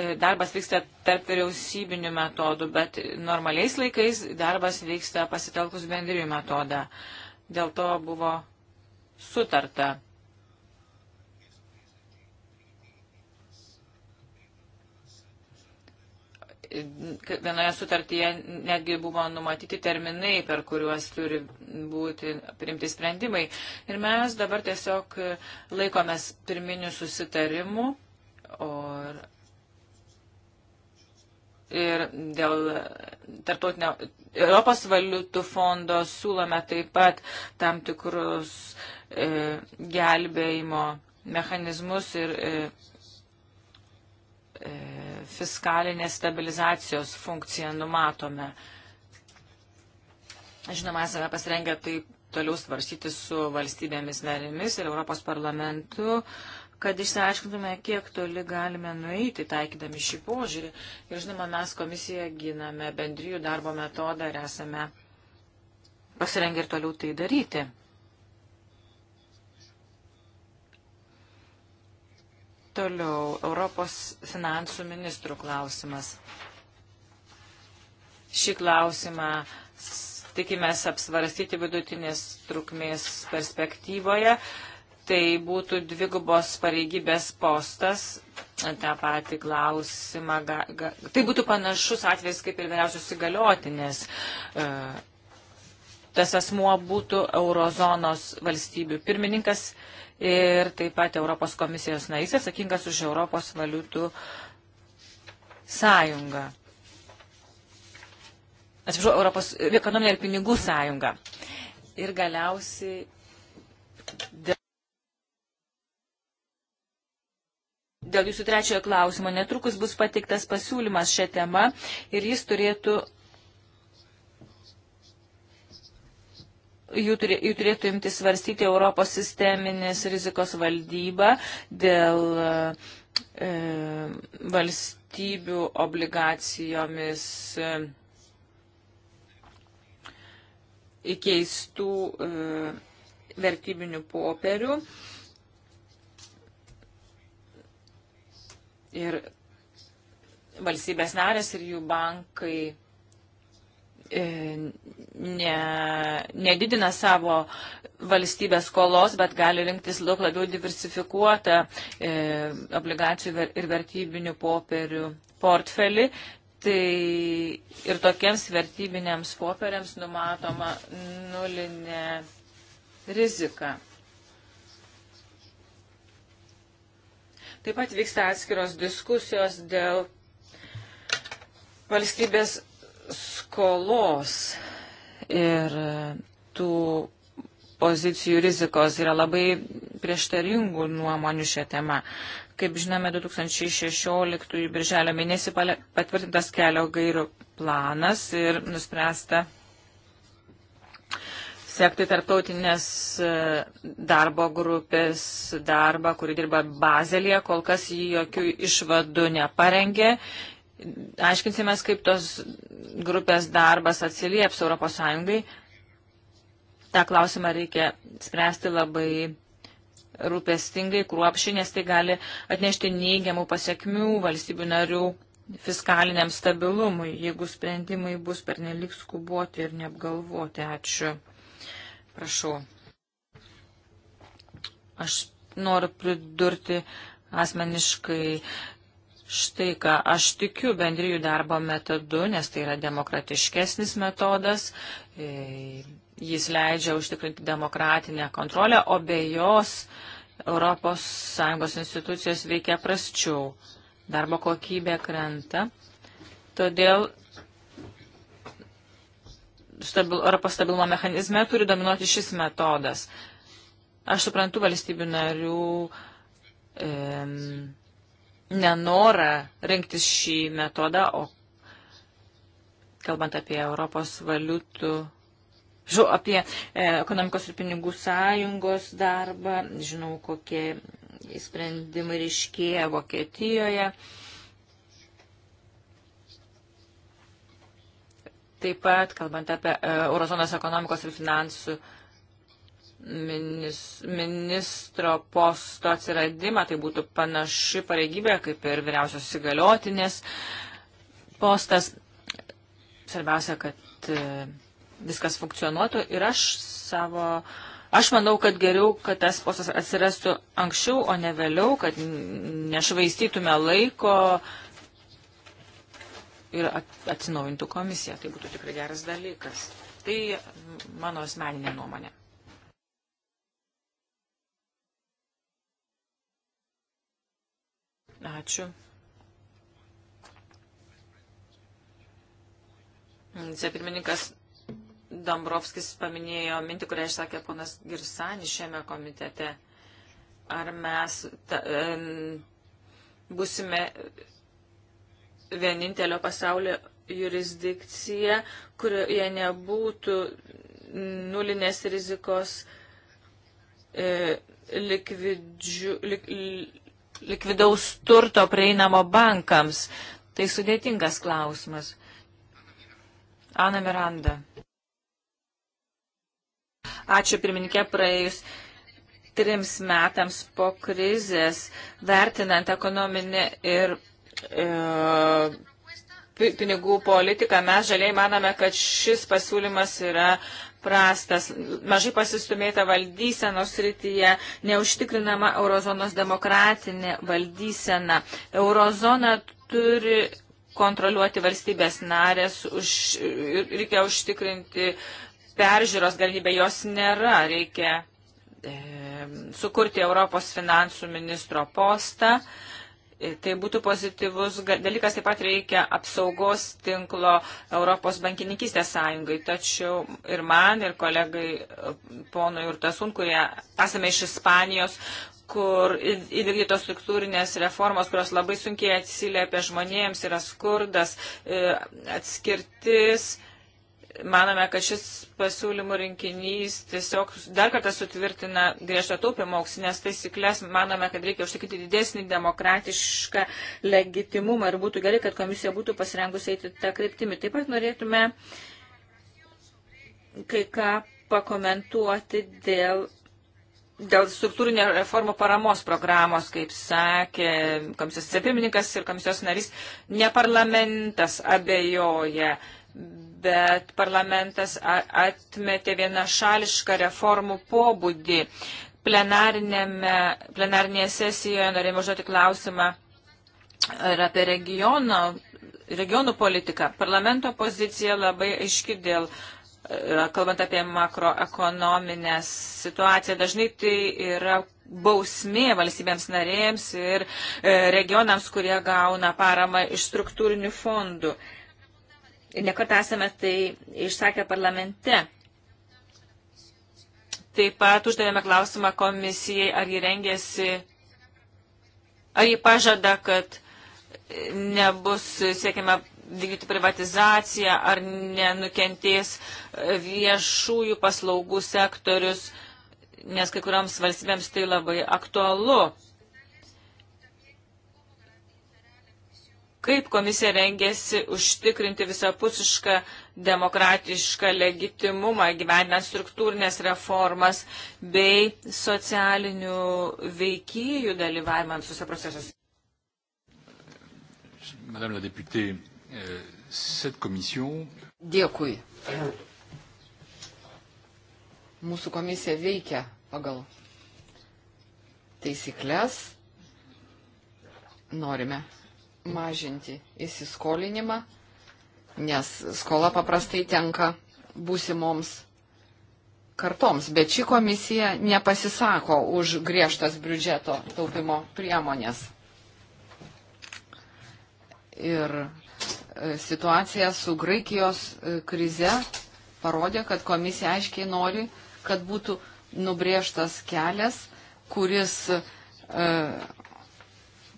E, darbas vyksta tarp vyriausybinių metodų, bet normaliais laikais darbas vyksta pasitelkus bendrijų metodą. Dėl to buvo sutarta vienoje sutartyje netgi buvo numatyti terminai, per kuriuos turi būti priimti sprendimai. Ir mes dabar tiesiog laikomės pirminių susitarimų. Or, ir dėl tarptautinio Europos valiutų fondo siūlome taip pat tam tikrus e, gelbėjimo mechanizmus ir e, e, fiskalinės stabilizacijos funkciją numatome. Žinoma, esame pasirengę tai toliau svarstyti su valstybėmis narėmis ir Europos parlamentu, kad išsiaiškintume, kiek toli galime nueiti, taikydami šį požiūrį. Ir žinoma, mes komisiją giname bendrijų darbo metodą ir esame pasirengę ir toliau tai daryti. Toliau, Europos finansų ministrų klausimas. Šį klausimą tikimės apsvarstyti vidutinės trukmės perspektyvoje. Tai būtų dvigubos pareigybės postas. Ta pati klausimą. Ga, ga, tai būtų panašus atvejs kaip ir vyriausios įgaliotinės. E, tas asmuo būtų eurozonos valstybių pirmininkas. E, ir taip pat Europos komisijos narys atsakingas už Europos valiutų sąjungą. Atsiprašau, Europos ekonominė ir pinigų sąjunga. Ir galiausiai dėl, dėl jūsų trečiojo klausimo netrukus bus pateiktas pasiūlymas šią temą ir jis turėtų jų, turė, jų turėtų imti svarstyti Europos sisteminės rizikos valdyba dėl e, valstybių obligacijomis e, įkeistų e, vertybinių popierių. Ir valstybės narės ir jų bankai E, ne, nedidina savo valstybės skolos, bet gali rinktis daug labiau diversifikuotą e, obligacijų ir vertybinių popierių portfelį. Tai ir tokiems vertybiniams popieriams numatoma nulinė rizika. Taip pat vyksta atskiros diskusijos dėl valstybės skolos ir tų pozicijų rizikos yra labai prieštaringų nuomonių šią temą. Kaip žinome, 2016 birželio mėnesį patvirtintas kelio gairių planas ir nuspręsta sekti tarptautinės e, darbo grupės darbą, kuri dirba Bazelėje, kol kas jį jokių išvadų neparengė aiškinsimės, kaip tos grupės darbas atsilieps ES. Ta klausimą reikia spręsti labai rūpestingai, kruopšiai, nes tai gali atnešti neigiamų pasiekmių valstybių narių fiskaliniam stabilumui, jeigu sprendimai bus pernelik skuboti ir neapgalvoti. Ačiū. Prašau. Aš noriu pridurti asmeniškai Štai ką, aš tikiu bendrijų darbo metodu, nes tai yra demokratiškesnis metodas, e, jis leidžia užtikrinti demokratinę kontrolę, o be jos ES institucijos veikia prasčiau, darbo kokybė krenta. Todėl stabil, Europos stabilumo mechanizme turi dominuoti šis metodas. Aš suprantu valstybių narių. E, nenorą rinktis šį metodą, o kalbant apie Europos valiutų, žinau, apie e, ekonomikos ir pinigų sąjungos darbą, žinau, kokie sprendimai ryškėja Vokietijoje. Taip pat, kalbant apie e, Eurozonos ekonomikos ir finansų ministro posto atsiradimą, tai būtų panaši pareigybė kaip ir vyriausios įgaliotinės postas. Svarbiausia, kad e, viskas funkcionuotų ir aš savo, aš manau, kad geriau, kad tas postas atsirastų anksčiau, o ne vėliau, kad nešvaistytume laiko ir atsinaujintų komisiją. Tai būtų tikrai geras dalykas. Tai mano asmeninė nuomonė. Ačiū. Vicepirmininkas Dombrovskis paminėjo mintį, kurią išsakė ponas Girsanis šiame komitete. Ar mes ta, e, busime vienintelio pasaulio jurisdikcija, kurioje nebūtų nulinės rizikos e, likvidžių, lik, likvidaus turto prieinamo bankams. Tai sudėtingas klausimas. Ana Miranda. Ačiū pirmininkė praėjus trims metams po krizės, vertinant ekonominį ir e, pinigų politiką. Mes žaliai manome, kad šis pasiūlymas yra prastas, mažai pasistumėta valdysenos rytyje, neužtikrinama eurozonos demokratinė valdysena. Eurozona turi kontroliuoti valstybės narės, už, reikia užtikrinti peržiūros galimybę, jos nėra, reikia e, sukurti Europos finansų ministro postą. E, Tai būtų pozityvus dalykas, taip pat reikia apsaugos tinklo Europos bankininkystės sąjungai. Tačiau ir man, ir kolegai e, ponui Urtasun, kurie esame iš Ispanijos, kur įvykdytos struktūrinės reformos, kurios labai sunkiai atsiliepia žmonėms, yra skurdas, e, atskirtis Manome, kad šis pasiūlymų rinkinys tiesiog dar kartą sutvirtina griežto taupimo auksinės taisyklės. Manome, kad reikia užtikrinti didesnį demokratišką legitimumą ir būtų gerai, kad komisija būtų pasirengusi eiti tą kryptimį. Taip pat norėtume kai ką pakomentuoti dėl. Dėl struktūrinio reformų paramos programos, kaip sakė komisijos pirmininkas ir komisijos narys, ne parlamentas abejoja, bet parlamentas atmetė vienašališką reformų pobūdį. Plenarinėje sesijoje norėjome užduoti klausimą ir apie regiono, regionų politiką. Parlamento pozicija labai aiški dėl, e, kalbant apie makroekonominę situaciją, dažnai tai yra bausmė valstybėms narėms ir e, regionams, kurie gauna paramą iš struktūrinių fondų. E, ir nekart esame tai išsakę parlamente. Taip pat uždavėme klausimą komisijai, ar jį rengėsi, ar jį pažada, kad nebus siekiama vykdyti privatizaciją, ar nenukentės viešųjų paslaugų sektorius, nes kai kurioms valstybėms tai labai aktualu. Kaip komisija rengėsi užtikrinti visapusišką demokratišką legitimumą, gyvenant struktūrinės reformas bei socialinių veikėjų dalyvavimą visose procesuose? Madame la députée, euh, cette commission. Dėkui. Mūsų komisija veikia pagal taisyklės. Norime mažinti įsiskolinimą, nes skola paprastai tenka būsimoms kartoms, bet ši komisija nepasisako už griežtas biudžeto taupimo priemonės. Ir e, situacija su Graikijos e, krize parodė, kad komisija aiškiai nori, kad būtų nubrėžtas kelias, kuris e,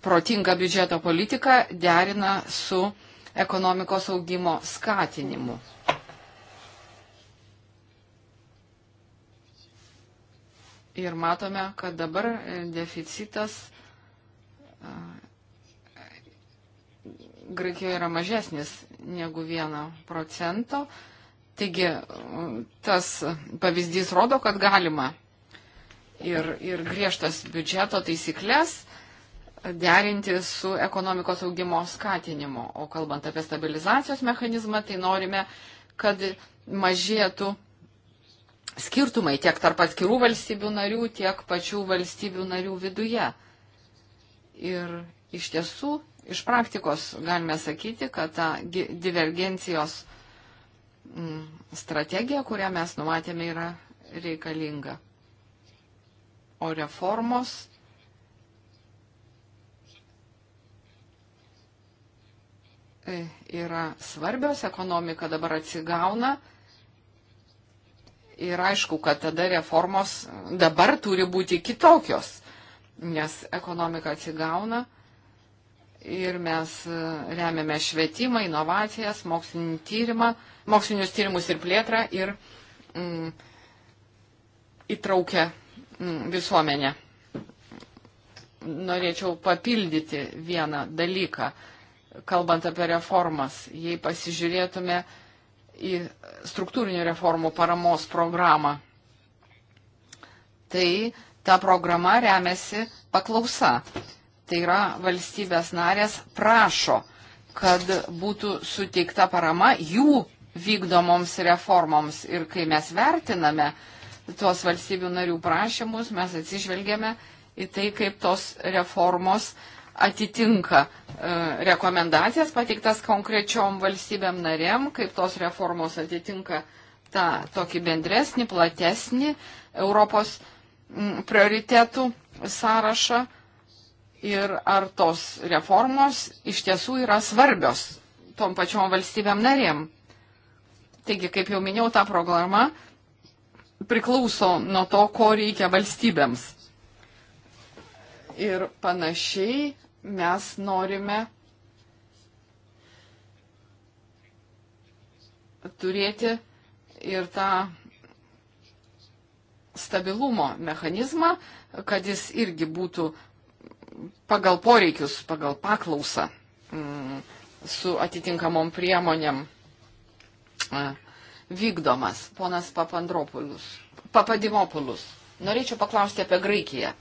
protingą biudžeto politiką derina su ekonomikos augimo skatinimu. Ir matome, kad dabar e, deficitas Graikijoje yra mažesnis negu 1 procento. Taigi e, tas pavyzdys rodo, kad galima ir, ir griežtas biudžeto taisyklės derinti su ekonomikos augimo skatinimu. O kalbant apie stabilizacijos mechanizmą, tai norime, kad mažėtų skirtumai tiek tarp atskirų valstybių narių, tiek pačių valstybių narių viduje. Ir iš tiesų, iš praktikos galime sakyti, kad ta divergencijos mm, strategija, kurią mes numatėme, yra reikalinga. O reformos yra svarbios, ekonomika dabar atsigauna. Ir aišku, kad tada reformos dabar turi būti kitokios, nes ekonomika atsigauna ir mes remiame švietimą, inovacijas, tyrimą, mokslinius tyrimus ir plėtrą ir mm, įtraukia mm, visuomenę. Norėčiau papildyti vieną dalyką kalbant apie reformas. Jei pasižiūrėtume į struktūrinių reformų paramos programą, tai ta programa remiasi paklausa. Tai yra valstybės narės prašo, kad būtų suteikta parama jų vykdomoms reformoms. Ir kai mes vertiname tuos valstybių narių prašymus, mes atsižvelgiame į tai, kaip tos reformos uh, atitinka e, rekomendacijas pateiktas konkrečiom valstybėm narėm, kaip tos reformos atitinka tą tokį bendresnį, platesnį Europos prioritetų sąrašą ir ar tos reformos iš tiesų yra svarbios tom pačiom valstybėm narėm. Taigi, kaip jau minėjau, ta programa priklauso nuo to, ko reikia valstybėms. Ir panašiai mes norime turėti ir tą stabilumo mechanizmą, kad jis irgi būtų pagal poreikius, pagal paklausą mm, su atitinkamom priemonėm e, vykdomas. Ponas Papandropoulos, Papadimopoulos, norėčiau paklausti apie Graikiją.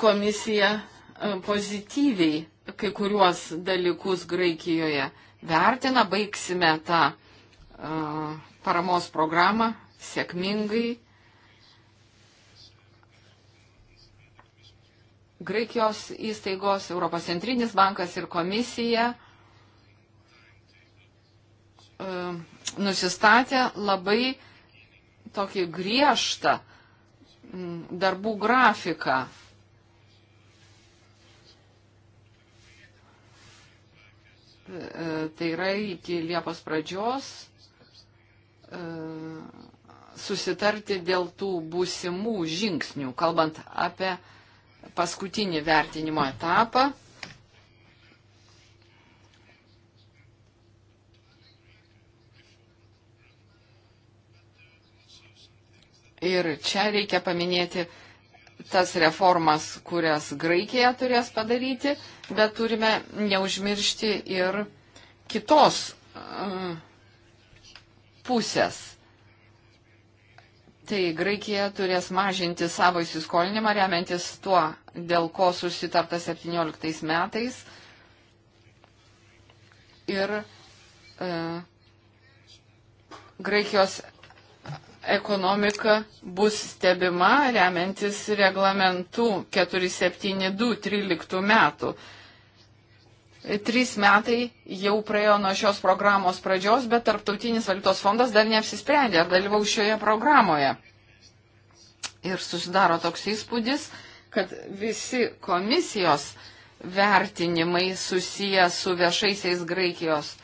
komisija e, pozityviai kai kuriuos dalykus Graikijoje vertina, baigsime tą uh, paramos programą sėkmingai. Graikijos įstaigos, Europos centrinis bankas ir komisija uh, nusistatė labai tokį griežtą darbų grafiką tai yra iki Liepos pradžios e, susitarti dėl tų būsimų žingsnių, kalbant apie paskutinį vertinimo etapą. Ir čia reikia paminėti tas reformas, kurias Graikija turės padaryti, bet turime neužmiršti ir kitos uh, pusės. Tai Graikija turės mažinti savo įsiskolinimą remiantis tuo, dėl ko susitarta 17 metais. Ir e, Graikijos ekonomika bus stebima remiantis reglamentu 472-13 metų. Trys metai jau praėjo nuo šios programos pradžios, bet Tarptautinis valiutos fondas dar neapsisprendė, ar dalyvau šioje programoje. Ir susidaro toks įspūdis, kad visi komisijos vertinimai susiję su viešaisiais Graikijos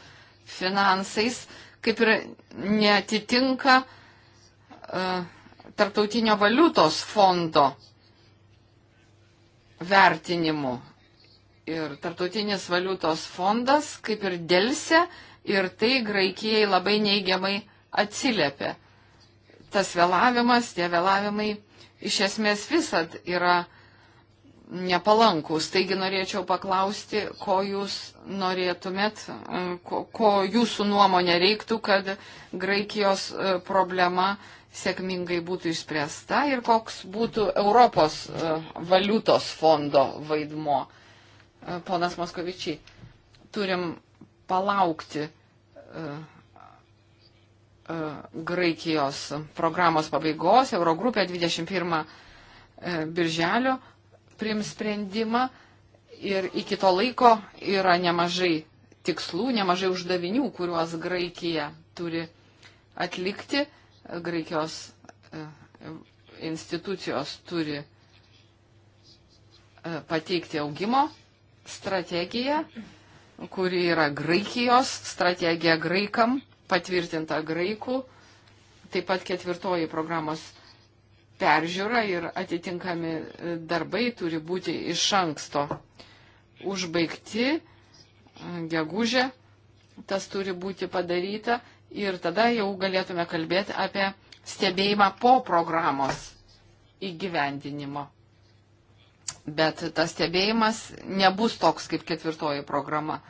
finansais kaip ir netitinka uh, E, Tartautinio valiutos fondo vertinimu. Ir Tartautinis valiutos fondas kaip ir dėlse ir tai Graikijai labai neigiamai atsiliepia. Tas vėlavimas, tie vėlavimai iš esmės visat yra nepalankus. Taigi norėčiau paklausti, ko jūs norėtumėt, e, ko, ko jūsų nuomonė reiktų, kad Graikijos e, problema sėkmingai būtų išspręsta ir koks būtų Europos e, valiutos fondo vaidmo. E, ponas Moskovičiai, turim palaukti e, Graikijos programos pabaigos, Eurogrupė 21 birželio prims sprendimą ir iki to laiko yra nemažai tikslų, nemažai uždavinių, kuriuos Graikija turi atlikti. Graikijos e, institucijos turi e, pateikti augimo strategiją, kuri yra Graikijos strategija graikam, patvirtinta graikų, taip pat ketvirtoji programos peržiūra ir atitinkami e, darbai turi būti iš anksto užbaigti gegužė, tas turi būti padaryta ir tada jau galėtume kalbėti apie stebėjimą po programos įgyvendinimo. Bet tas stebėjimas nebus toks kaip ketvirtoji programa.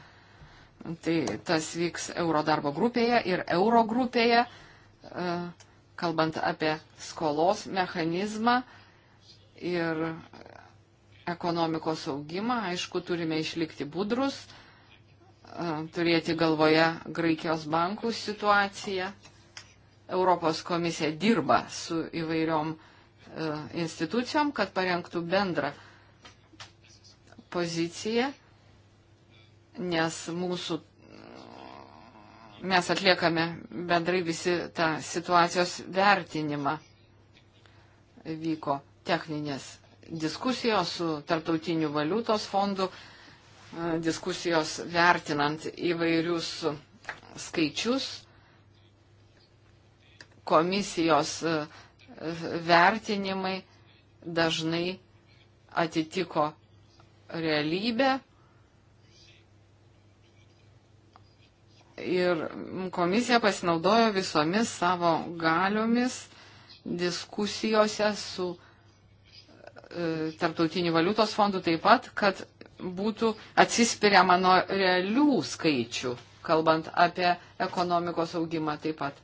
Tai tas vyks Eurodarbo grupėje ir Euro grupėje, e, kalbant apie skolos mechanizmą ir ekonomikos augimą. Aišku, turime išlikti budrus turėti galvoje Graikijos bankų situaciją. Europos komisija dirba su įvairiom institucijom, kad parengtų bendrą poziciją, nes mūsų, mes atliekame bendrai visi tą situacijos vertinimą. Vyko techninės diskusijos su Tartautiniu valiutos fondu, diskusijos vertinant įvairius skaičius, komisijos e, vertinimai dažnai atitiko realybę ir komisija pasinaudojo visomis savo galiomis diskusijose su e, Tarptautiniu valiutos fondu taip pat, kad būtų atsispiriama nuo realių skaičių, kalbant apie ekonomikos augimą taip pat.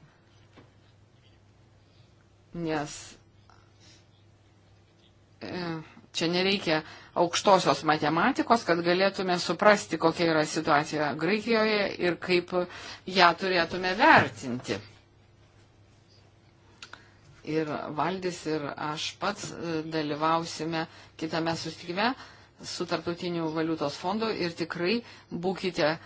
Nes e, čia nereikia aukštosios matematikos, kad galėtume suprasti, kokia yra situacija Graikijoje ir kaip ją turėtume vertinti. Ir valdys ir aš pats e, dalyvausime kitame sustikime su tarptautiniu valiutos fondu ir tikrai būkite e,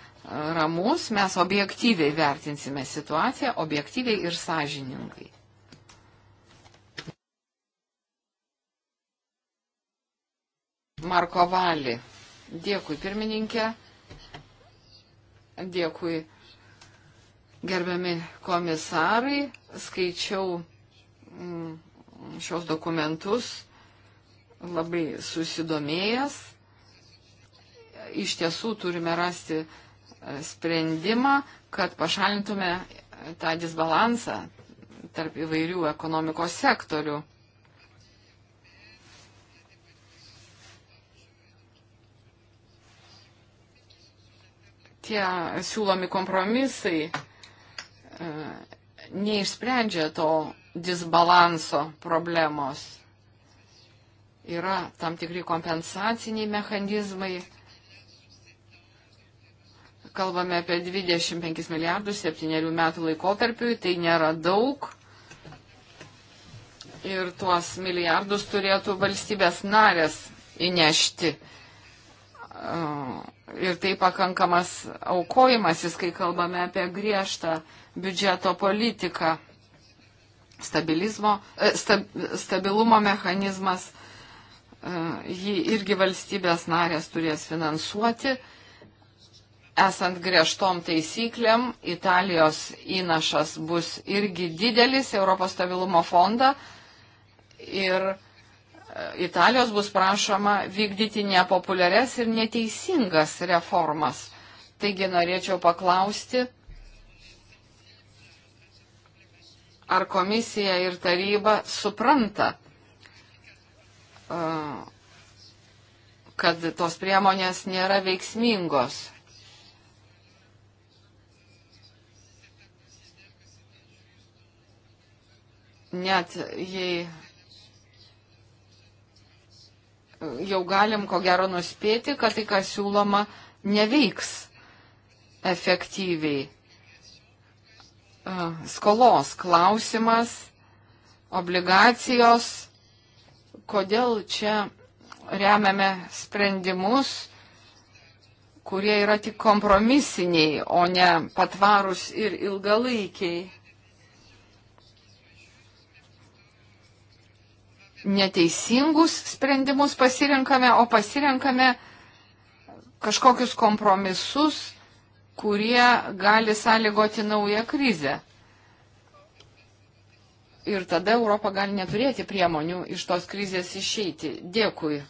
ramus, mes objektyviai vertinsime situaciją, objektyviai ir sąžiningai. Marko Valį. Dėkui pirmininkė, dėkui gerbiami komisarai, skaičiau mm, šios dokumentus labai susidomėjęs. Iš tiesų turime rasti e, sprendimą, kad pašalintume e, tą disbalansą tarp įvairių ekonomikos sektorių. Tie siūlomi kompromisai e, neišsprendžia to disbalanso problemos yra tam tikri kompensaciniai mechanizmai. Kalbame apie 25 milijardus septyniarių metų laikotarpiui, tai nėra daug. Ir tuos milijardus turėtų valstybės narės įnešti. Uh, ir tai pakankamas aukojimasis, kai kalbame apie griežtą biudžeto politiką. Stabilizmo, eh, sta, stabilumo mechanizmas jį irgi valstybės narės turės finansuoti. Esant griežtom taisyklėm, Italijos įnašas bus irgi didelis Europos stabilumo fondą ir e, Italijos bus prašoma vykdyti nepopuliarias ir neteisingas reformas. Taigi norėčiau paklausti, ar komisija ir taryba supranta, kad tos priemonės nėra veiksmingos. Net jei jau galim ko gero nuspėti, kad tai, kas siūloma, neveiks efektyviai. Skolos klausimas, obligacijos kodėl čia remiame sprendimus, kurie yra tik kompromisiniai, o ne patvarus ir ilgalaikiai. Neteisingus sprendimus pasirenkame, o pasirenkame kažkokius kompromisus, kurie gali sąlygoti naują krizę ir tada Europa gali neturėti priemonių iš tos krizės išeiti. Dėkui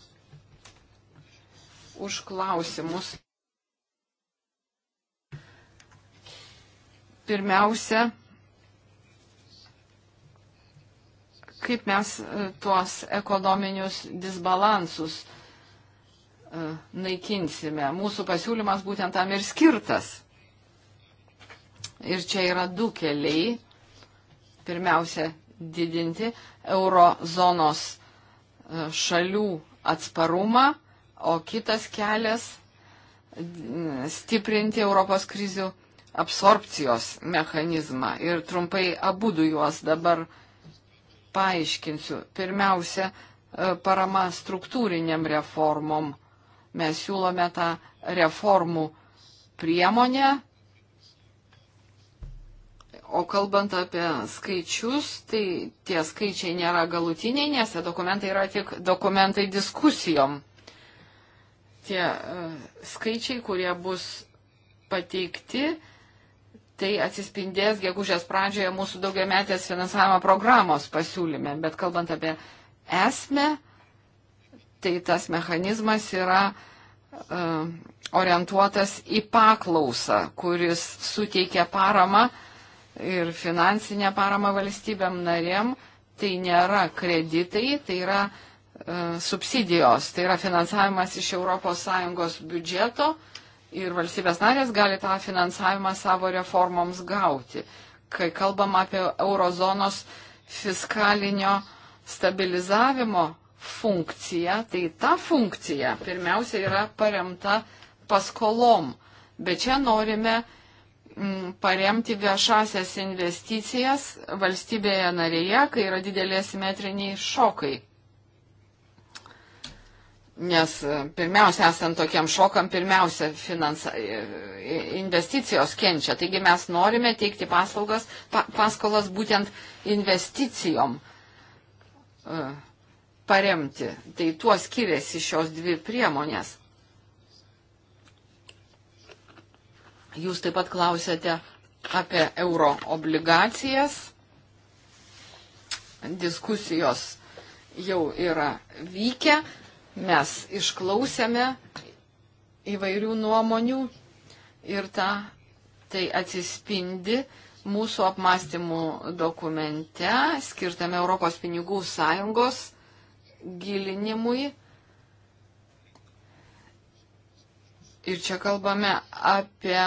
už klausimus. Pirmiausia, kaip mes e, tuos ekonominius disbalansus e, naikinsime. Mūsų pasiūlymas būtent tam ir skirtas. Ir čia yra du keliai. Pirmiausia, didinti eurozonos e, šalių atsparumą, o kitas kelias stiprinti Europos krizių absorpcijos mechanizmą. Ir trumpai abu du juos dabar paaiškinsiu. Pirmiausia, e, parama struktūriniam reformom. Mes siūlome tą reformų priemonę, O kalbant apie skaičius, tai tie skaičiai nėra galutiniai, nes tie dokumentai yra tik dokumentai diskusijom. Tie uh, skaičiai, kurie bus pateikti, tai atsispindės gegužės pradžioje mūsų daugiametės finansavimo programos pasiūlyme. Bet kalbant apie esmę, tai tas mechanizmas yra uh, orientuotas į paklausą, kuris suteikia paramą uh, ir finansinę paramą valstybėm narėm, tai nėra kreditai, tai yra e, subsidijos, tai yra finansavimas iš ES biudžeto ir valstybės narės gali tą finansavimą savo reformoms gauti. Kai kalbam apie eurozonos fiskalinio stabilizavimo funkciją, tai ta funkcija pirmiausia yra paremta paskolom, bet čia norime paremti viešasias investicijas valstybėje narėje, kai yra didelė simetriniai šokai. Nes e, pirmiausia, esant tokiam šokam, pirmiausia, finansa, investicijos kenčia. Taigi mes norime teikti paslaugas, pa, paskolas būtent investicijom e, paremti. Tai tuo skiriasi šios dvi priemonės. Jūs taip pat klausėte apie euro obligacijas. Diskusijos jau yra vykę. Mes išklausėme įvairių nuomonių ir ta, tai atsispindi mūsų apmąstymų dokumente skirtame Europos pinigų sąjungos gilinimui Ir čia kalbame apie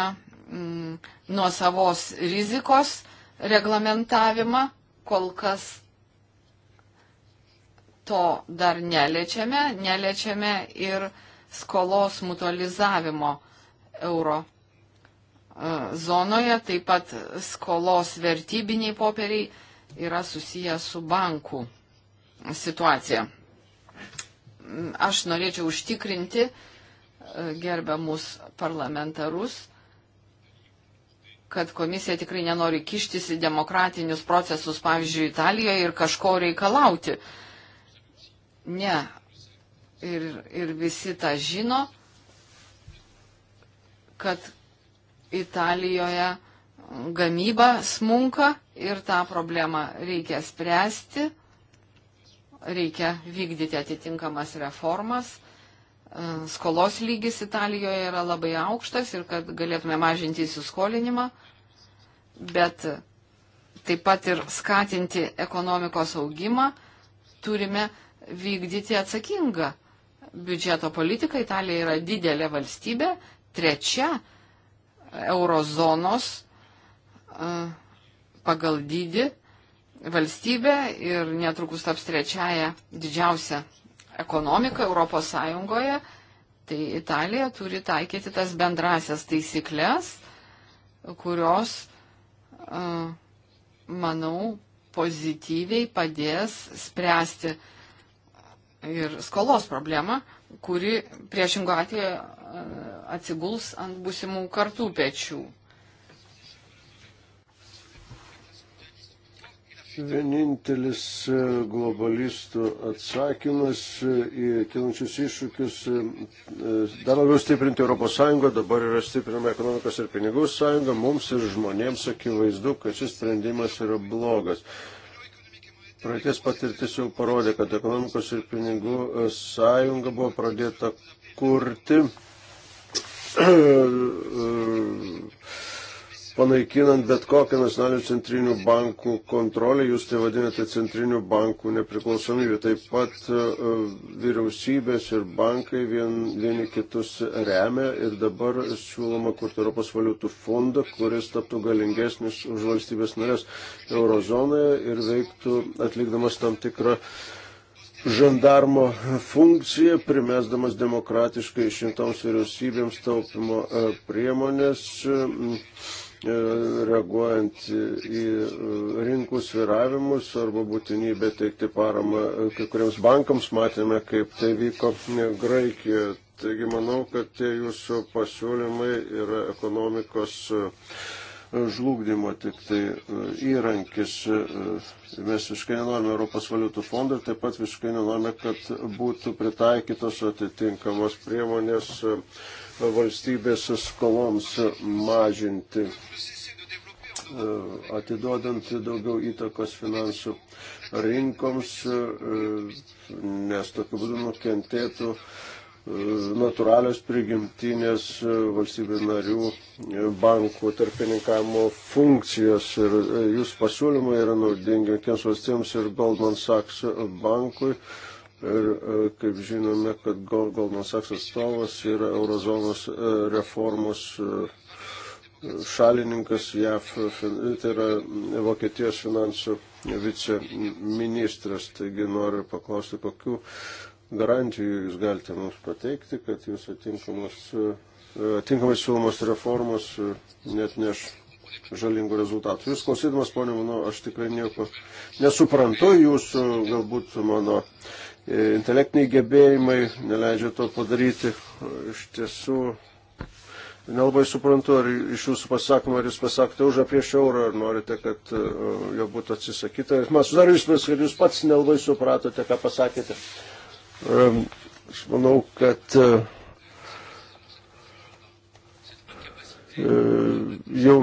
mm, nuosavos rizikos reglamentavimą. Kol kas to dar neliečiame, neliečiame ir skolos mutualizavimo euro e, zonoje, taip pat skolos vertybiniai popieriai yra susiję su bankų situacija. Mm, aš norėčiau užtikrinti, gerbiamus parlamentarus, kad komisija tikrai nenori kištis į demokratinius procesus, pavyzdžiui, Italijoje ir kažko reikalauti. Ne. Ir, ir visi tą žino, kad Italijoje gamyba smunka ir tą problemą reikia spręsti, reikia vykdyti atitinkamas reformas E, skolos lygis Italijoje yra labai aukštas ir kad galėtume mažinti įsiskolinimą, bet taip pat ir skatinti ekonomikos augimą, turime vykdyti atsakingą biudžeto politiką. Italija yra didelė valstybė, trečia eurozonos e, pagal dydį valstybė ir netrukus taps trečiaja didžiausia ekonomiką Europos Sąjungoje, tai Italija turi taikyti tas bendrasias taisyklės, kurios, manau, pozityviai padės spręsti ir skolos problemą, kuri priešingo atveju atsiguls ant būsimų kartų pečių. Vienintelis e, globalistų atsakymas e, į kilančius iššūkius e, dar labiau stiprinti ES, dabar yra stiprinama ekonomikos ir pinigų sąjunga, mums ir žmonėms akivaizdu, kad šis sprendimas yra blogas. Praeities patirtis jau parodė, kad ekonomikos ir pinigų sąjunga buvo pradėta kurti panaikinant bet kokią nacionalinių centrinių bankų kontrolę, jūs tai vadinate centrinių bankų nepriklausomybė. Taip pat e, vyriausybės ir bankai vien, vieni kitus remia ir dabar siūloma kurti Europos valiutų fondą, kuris taptų galingesnis už valstybės narės eurozonoje ir veiktų atlikdamas tam tikrą žandarmo funkciją, primesdamas demokratiškai išrinktoms vyriausybėms taupimo e, priemonės. E, E, reaguojant į e, rinkų sviravimus arba būtinybę teikti paramą e, kai kuriems bankams, matėme, kaip tai vyko Graikijoje. Taigi manau, kad tie jūsų pasiūlymai yra ekonomikos žlugdymo tik tai įrankis. Mes visiškai nenorime Europos valiutų fondo ir taip pat visiškai nenorime, kad būtų pritaikytos atitinkamos priemonės valstybės skoloms mažinti, e, atiduodant daugiau įtakos finansų rinkoms, e, nes tokiu būdu nukentėtų e, natūralios prigimtinės valstybių narių bankų tarpininkavimo funkcijos. Ir jūs pasiūlymai yra naudingi tiems valstybėms ir Goldman Sachs bankui. Ir e, kaip žinome, kad Goldman Sachs atstovas yra eurozonos e, reformos e, šalininkas JAF, tai yra Vokietijos finansų viceministras. Taigi noriu paklausti, kokiu garantijų jūs galite mums pateikti, kad jūsų atinkamai siūlomos reformos net neš žalingų rezultatų. Jūs klausydamas, ponė, manau, aš tikrai nieko nesuprantu jūsų, galbūt mano uh, E, intelektiniai gebėjimai neleidžia to padaryti. Iš tiesų, nelabai suprantu, ar iš jūsų pasakymą, ar jūs pasakote už ar prieš eurą, ar norite, kad e, jo būtų atsisakyta. Man sudarė įspūdis, kad jūs pats nelabai supratote, ką pasakėte. E, aš manau, kad jau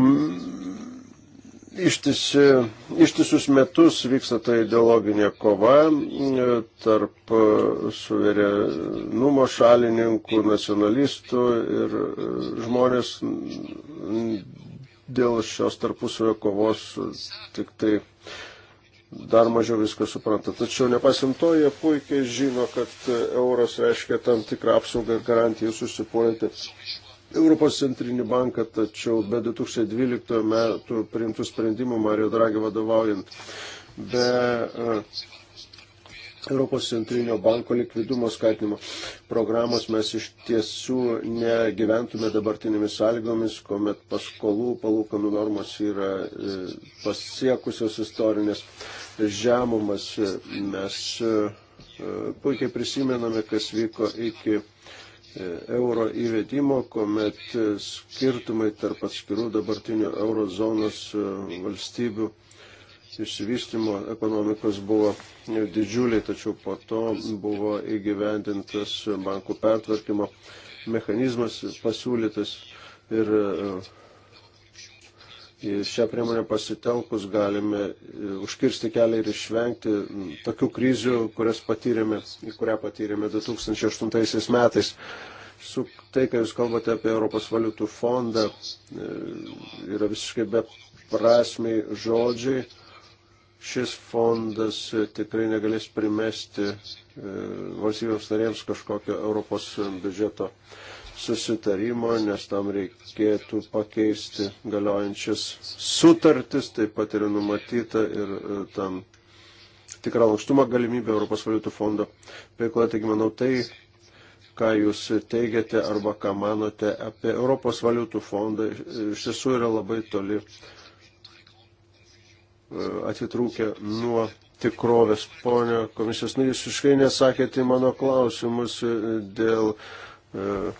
ištisi, ištisus metus vyksta ta ideologinė kova e, tarp e, suverenumo šalininkų, nacionalistų ir e, žmonės dėl šios tarpusavio kovos tik tai dar mažiau viską supranta. Tačiau nepasim to, jie puikiai žino, kad euras reiškia tam tikrą apsaugą ir garantiją susipuolėti Europos centrinį banką, tačiau be 2012 metų priimtų sprendimų Mario Draghi vadovaujant, be e, Europos centrinio banko likvidumo skatinimo programos mes iš tiesų negyventume dabartinėmis sąlygomis, kuomet paskolų palūkanų normos yra e, pasiekusios istorinės žemumas. Mes e, puikiai prisimename, kas vyko iki E, euro įvedimo, kuomet skirtumai tarp atskirų dabartinių eurozonos e, valstybių išsivystimo ekonomikos buvo didžiuliai, tačiau po to buvo įgyvendintas bankų pertvarkymo mechanizmas pasiūlytas ir e, šią priemonę pasitelkus galime e, užkirsti kelią ir išvengti tokių krizių, kurias patyrėme, į kurią patyrėme 2008 metais. Su tai, kai jūs kalbate apie Europos valiutų fondą, e, yra visiškai beprasmiai žodžiai. Šis fondas tikrai negalės primesti e, valstybėms narėms kažkokio Europos biudžeto susitarimo, nes tam reikėtų pakeisti galiojančias sutartis, taip pat yra numatyta ir e, tam tikrą lankstumą galimybę Europos valiutų fondo veikloje. Taigi, manau, tai, ką jūs teigiate arba ką manote apie Europos valiutų fondą, iš tiesų yra labai toli e, atitrūkę nuo tikrovės. Pone komisijos narys, nu, visiškai nesakėte tai mano klausimus e, dėl e,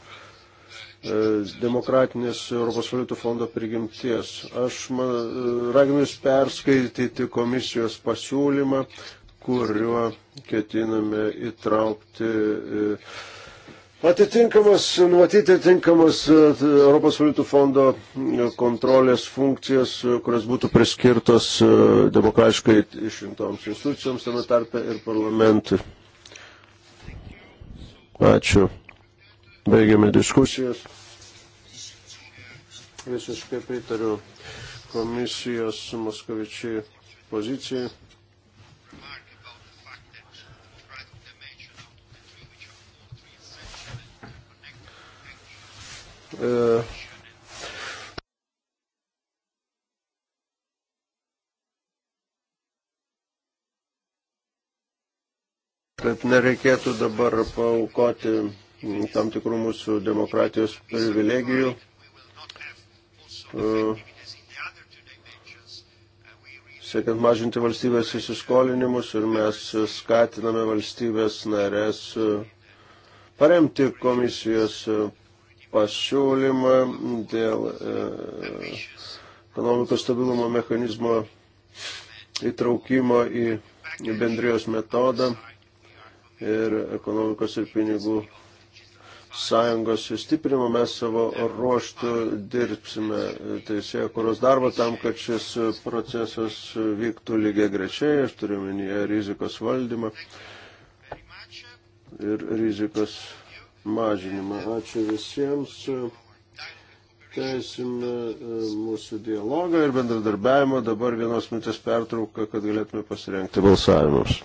E, demokratinės Europos valiutų fondo prigimties. Aš man, e, raginu Jūs perskaityti komisijos pasiūlymą, kuriuo ketiname įtraukti e, atitinkamas, numatyti atitinkamas Europos valiutų fondo kontrolės funkcijas, kurios būtų priskirtos demokratiškai išrinktoms institucijoms, tame tarpe ir parlamentui. Ačiū. Baigiame diskusijas. Visiškai pritariu komisijos Moskovičiai pozicijai. E, kad nereikėtų dabar paukoti Mm, tam tikrų mūsų demokratijos privilegijų. Mm. Siekiant mažinti valstybės įsiskolinimus ir mes skatiname valstybės narės mm, paremti komisijos pasiūlymą dėl ekonomikos stabilumo mechanizmo įtraukimo į bendrijos metodą ir ekonomikos ir pinigų sąjungos sustiprinimo mes savo ruoštų dirbsime teisėje, kurios darbo tam, kad šis procesas vyktų lygiai grečiai, aš turiu minėję rizikos valdymą ir rizikos mažinimą. Ačiū visiems. Teisime e, mūsų dialogą ir bendradarbiavimą. Dabar vienos minutės pertrauka, kad galėtume pasirengti balsavimams.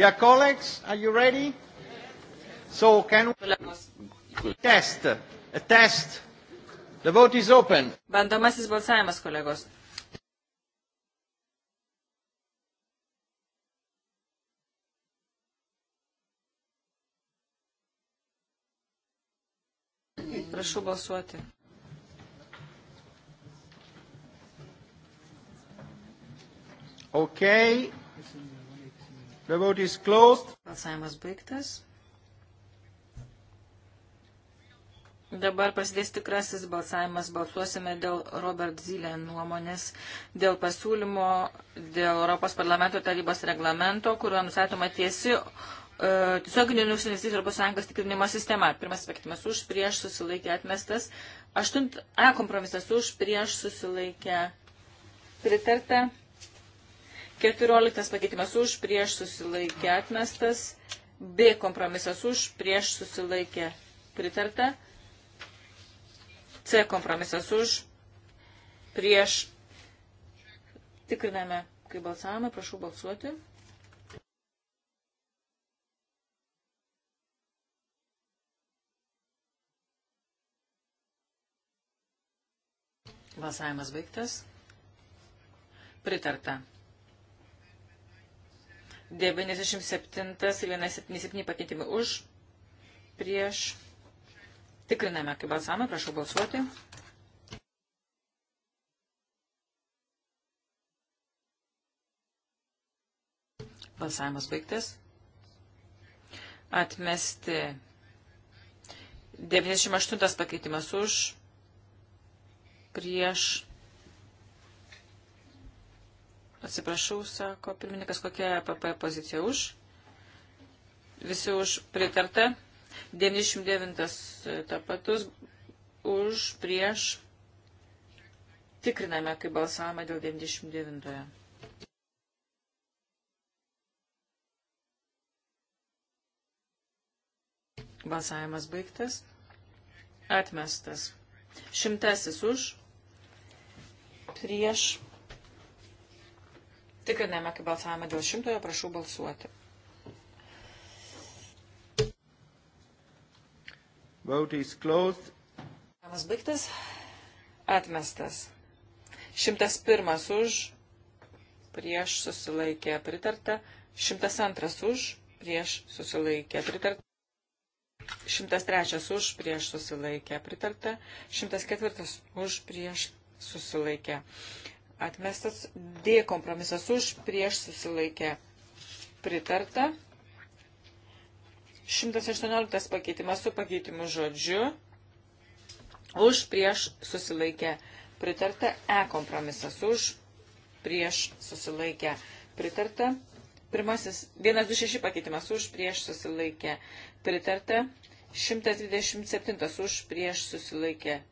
Yeah, colleagues, are you ready? So can we test? A test. The vote is open. Bandomasis balsavimas, kolegos. Prašau balsuoti. Okay. The vote is closed. Balsavimas baigtas. Dabar prasidės tikrasis balsavimas. Balsuosime dėl Robert Zylė nuomonės, dėl pasiūlymo, dėl Europos parlamento tarybos reglamento, kuriuo nusatoma tiesi e, tiesioginių užsienės Europos Sąjungos tikrinimo sistema. Pirmasis pakeitimas už, prieš susilaikė atmestas. Aštunt A kompromisas už, prieš susilaikė pritarta. 14 pakeitimas už, prieš susilaikė atmestas. B kompromisas už, prieš susilaikė pritarta. C kompromisas už, prieš. Tikriname, kai balsavome, prašau balsuoti. Balsavimas baigtas. Pritarta. 97 ir 177 pakeitimai už, prieš. Tikriname, kaip balsavome, prašau balsuoti. Balsavimas baigtas. Atmesti 98 pakeitimas už, prieš Atsiprašau, sako pirmininkas, kokia PP e pozicija už. Visi už pritarta. 99 e, tapatus už prieš. Tikriname, kaip balsavome dėl 99. -ojo. Balsavimas baigtas. Atmestas. Šimtasis už. Prieš Tikriname, kaip balsavimą dėl šimtojo, prašau balsuoti. Vote is closed. Vienas baigtas. Atmestas. 101 už, prieš susilaikė pritarta. 102 už, prieš susilaikė pritarta. 103 už, prieš susilaikė pritarta. 104 už, prieš susilaikė atmestas, D kompromisas už, prieš susilaikė pritarta. 118 pakeitimas su pakeitimu žodžiu, už, prieš susilaikė pritarta, E kompromisas už, prieš susilaikė pritarta. Pirmasis 126 pakeitimas už, prieš susilaikė pritarta. 127 už, prieš susilaikė pritarta.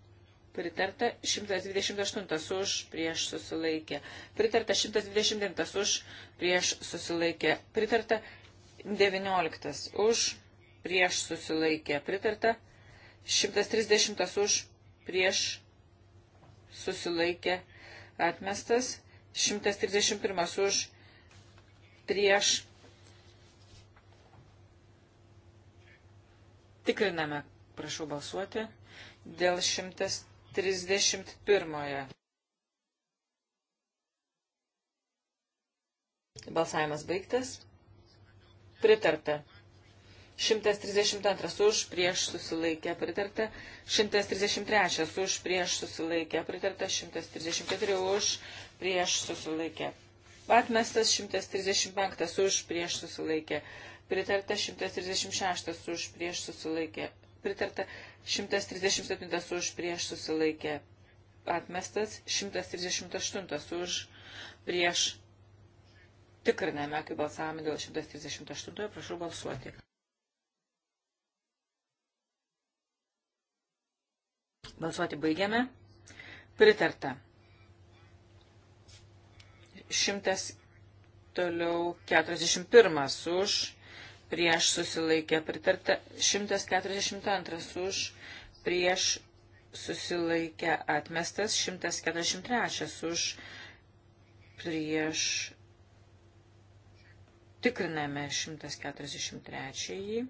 Pritarta 128 už prieš susilaikė. Pritarta 129 už prieš susilaikė. Pritarta 19 už prieš susilaikė. Pritarta 130 už prieš susilaikė. Atmestas 131 už prieš. Tikriname, prašau balsuoti, dėl 130. 31. Balsavimas baigtas. Pritarta. 132 už prieš susilaikę pritarta, 133 už prieš susilaikę pritarta, 134 už prieš susilaikę. Atmestas 135 už prieš susilaikę, pritarta 136 už prieš susilaikę, pritarta, 137 už prieš susilaikė atmestas, 138 už prieš tikriname, kaip balsavome dėl 138, prašau balsuoti. Balsuoti baigiame. Pritarta. Šimtas toliau 41 už prieš susilaikė pritarta, 142 už, prieš susilaikė atmestas, 143 už, prieš tikriname 143.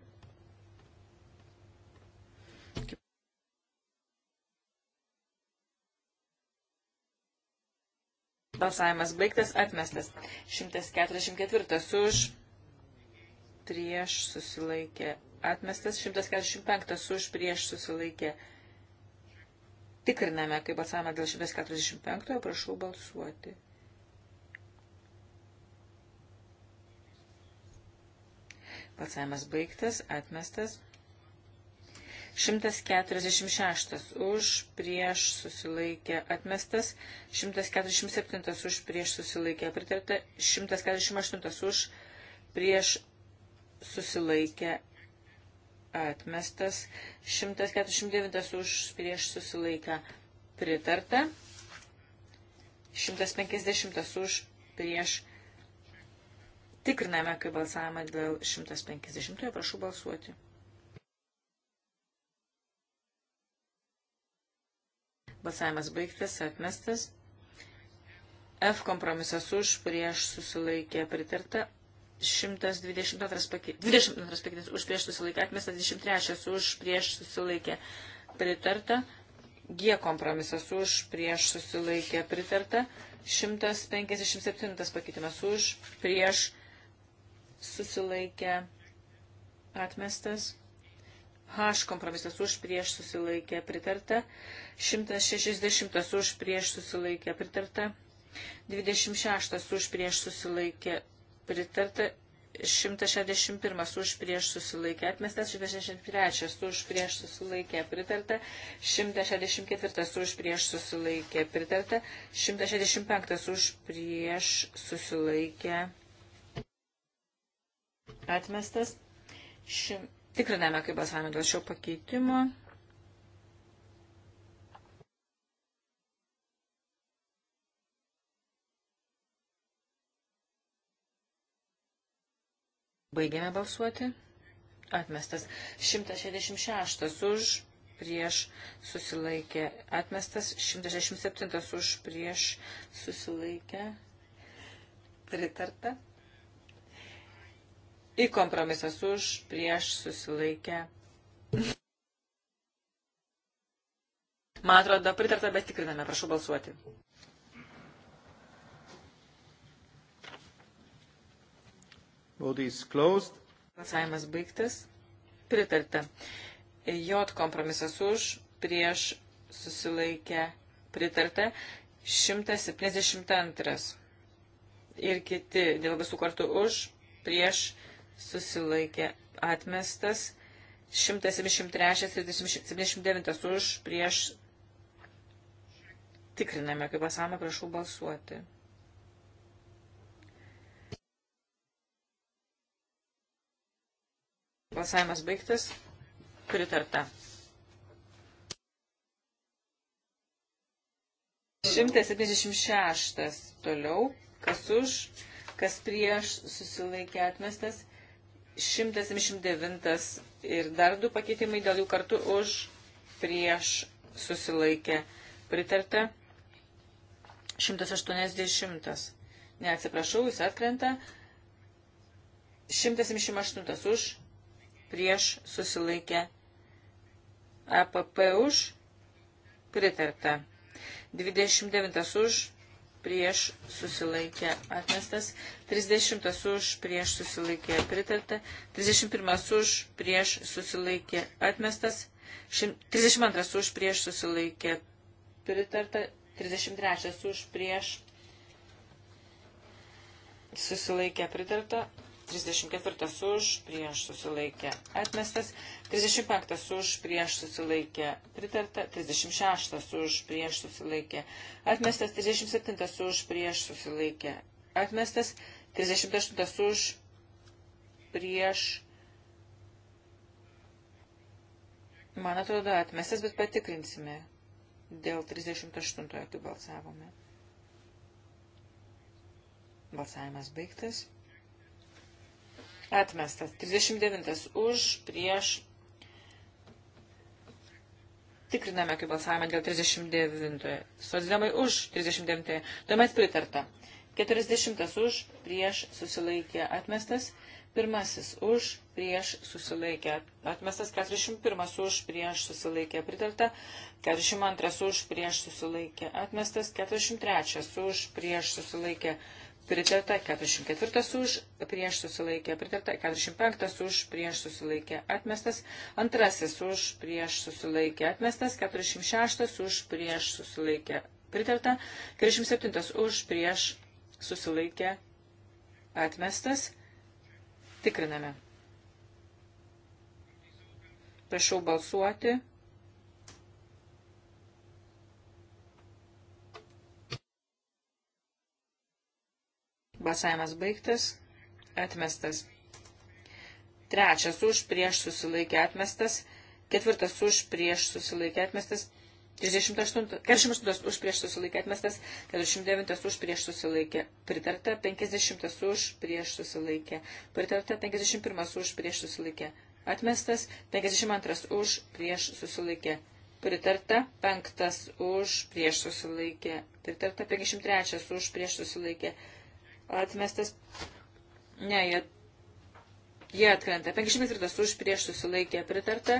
Balsavimas baigtas, atmestas. 144 už prieš susilaikė atmestas, 145 už prieš susilaikė. Tikriname, kaip balsavome dėl 145, prašau balsuoti. Balsavimas baigtas, atmestas. 146 už prieš susilaikė atmestas, 147 už prieš susilaikė pritarta, 148 už prieš susilaikė atmestas, 149 už prieš susilaikę pritarta, 150 už prieš tikriname, kai balsavimą dėl 150, prašau balsuoti. Balsavimas baigtas, atmestas. F kompromisas už, prieš susilaikė pritarta, 122 pakeitimas už prieš susilaikę atmestas, 23 už prieš susilaikę pritarta, G kompromisas už prieš susilaikę pritarta, 157 pakeitimas už prieš susilaikę atmestas. H kompromisas už prieš susilaikę pritarta, 160 už prieš susilaikę pritarta, 26 už prieš susilaikę pritarta 161 už prieš susilaikę atmestas, 163 už prieš susilaikę pritarta, 164 už prieš susilaikę pritarta, 165 už prieš susilaikę atmestas. Šim... Tikriname, kaip balsavome dėl šio pakeitimo. Baigėme balsuoti. Atmestas. 166 už prieš susilaikė. Atmestas. 167 už prieš susilaikė. Pritarta. Į kompromisas už prieš susilaikė. Man atrodo, pritarta, bet tikriname. Prašau balsuoti. Vote is closed. Balsavimas baigtas. Pritarta. J kompromisas už, prieš susilaikę pritarta. 172. Ir kiti dėl visų kartų už, prieš susilaikė atmestas. 173 ir 79 už, prieš tikriname, kaip pasame, prašau balsuoti. Balsavimas baigtas. Pritarta. 176 toliau. Kas už, kas prieš susilaikė atmestas. 179 ir dar du pakeitimai dėl jų kartu už, prieš susilaikė pritarta. 180. Ne, atsiprašau, jis atkrenta. 178 už, prieš susilaikę APP už pritarta. 29 už prieš susilaikę atmestas, 30 už prieš susilaikę pritarta, 31 už prieš susilaikę atmestas, 32 už prieš susilaikę pritarta, 33 už prieš susilaikę pritarta, 34 už, prieš susilaikė atmestas, 35 už, prieš susilaikė pritarta, 36 už, prieš susilaikė atmestas, 37 už, prieš susilaikė atmestas, 38 už, prieš, man atrodo, atmestas, bet patikrinsime dėl 38, kai balsavome. Balsavimas baigtas. Atmestas. 39 už, prieš. Tikriname, kaip balsavome dėl 39. Socdemai už 39. Tuomet pritarta. 40 už, prieš susilaikė atmestas. Pirmasis už, prieš susilaikė atmestas. 41 už, prieš susilaikė pritarta. 42 už, prieš susilaikė atmestas. 43 už, prieš susilaikė pritarta pritarta 44 už, prieš susilaikė, pritarta 45 už, prieš susilaikė, atmestas, antrasis už, prieš susilaikė, atmestas, 46 už, prieš susilaikė, pritarta, 47 už, prieš susilaikė, atmestas, tikriname. Prašau balsuoti. Balsavimas baigtas. Atmestas. Trečias už prieš susilaikė atmestas. Ketvirtas už prieš susilaikė atmestas. 48, 48 už prieš susilaikė atmestas. 49 už prieš susilaikė pritarta. 50 už prieš susilaikė pritarta. 51 už prieš susilaikė atmestas. 52 už prieš susilaikė pritarta, penktas už prieš susilaikė, pritarta 53 už prieš susilaikė, atmestas. Ne, jie, jie atkrenta. 53 už prieš susilaikė pritarta.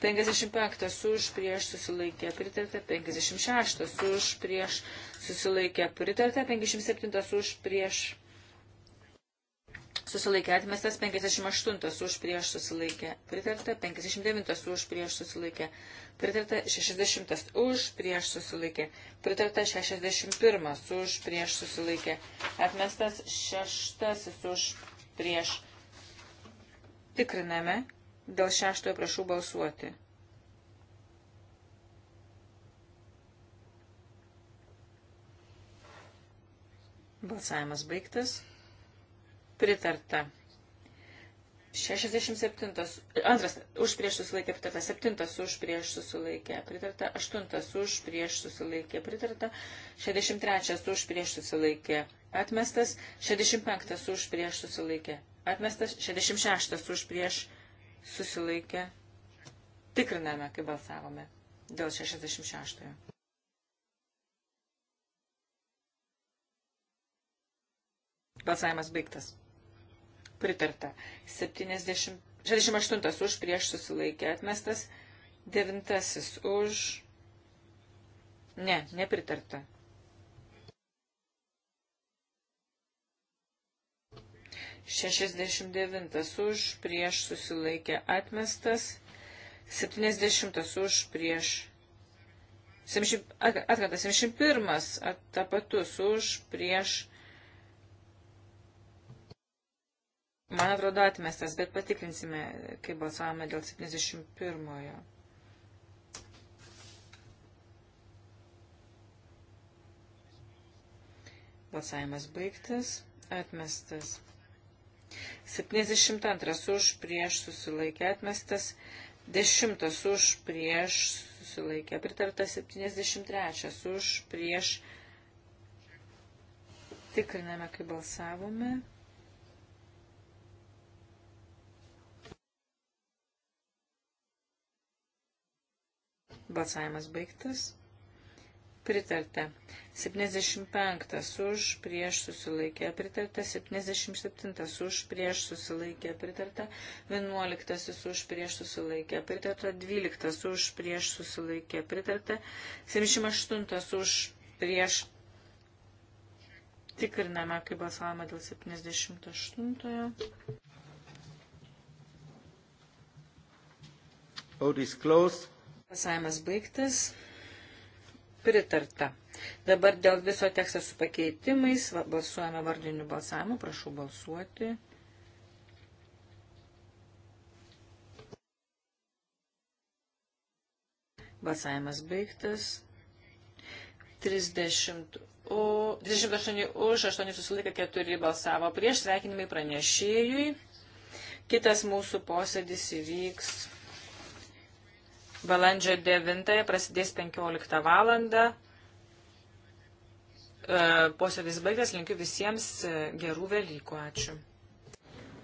55 už prieš susilaikė pritarta, 56 už prieš susilaikė pritarta, 57 už prieš susilaikė atmestas, 58 už prieš susilaikė pritarta, 59 už prieš susilaikė pritarta, 60 už prieš susilaikė pritarta, 61 už prieš susilaikė atmestas, 6 už prieš. Tikriname, dėl šeštojo prašau balsuoti. Balsavimas baigtas pritarta. 67. Antras už prieš susilaikė pritarta. Septintas už prieš susilaikė pritarta. Aštuntas už prieš susilaikė pritarta. 63. už prieš susilaikė atmestas. 65. už prieš susilaikė atmestas. 66. už prieš susilaikė. Tikriname, kaip balsavome dėl 66. Balsavimas baigtas pritarta. 70, 68 už prieš susilaikė atmestas, 9 už. Ne, nepritarta. Šešiasdešimt devintas už, prieš susilaikė atmestas, septyniasdešimtas už, prieš atkrenta 71, tapatus už, prieš Man atrodo atmestas, bet patikrinsime, kai balsavome dėl 71-ojo. Balsavimas baigtas, atmestas. 72 už prieš susilaikė atmestas, 10 už prieš susilaikė pritarta, 73 už prieš tikriname, kai balsavome. Balsavimas baigtas. Pritarta. 75 už prieš susilaikė pritarta. 77 už prieš susilaikė pritarta. 11 už prieš susilaikė pritarta. 12 už prieš susilaikė pritarta. 78 už prieš tikriname, kai balsavome dėl 78-ojo. Vote is closed. Pasavimas baigtas. Pritarta. Dabar dėl viso teksto su pakeitimais balsuojame vardiniu balsavimu. Prašau balsuoti. Balsavimas baigtas. 30 U, 38 už, 8 susilaikė, 4 balsavo prieš, sveikinimai pranešėjui. Kitas mūsų posėdis įvyks Balandžio 9 prasidės 15 valandą. E, posėdis baigtas, linkiu visiems e, gerų Velykų. Ačiū.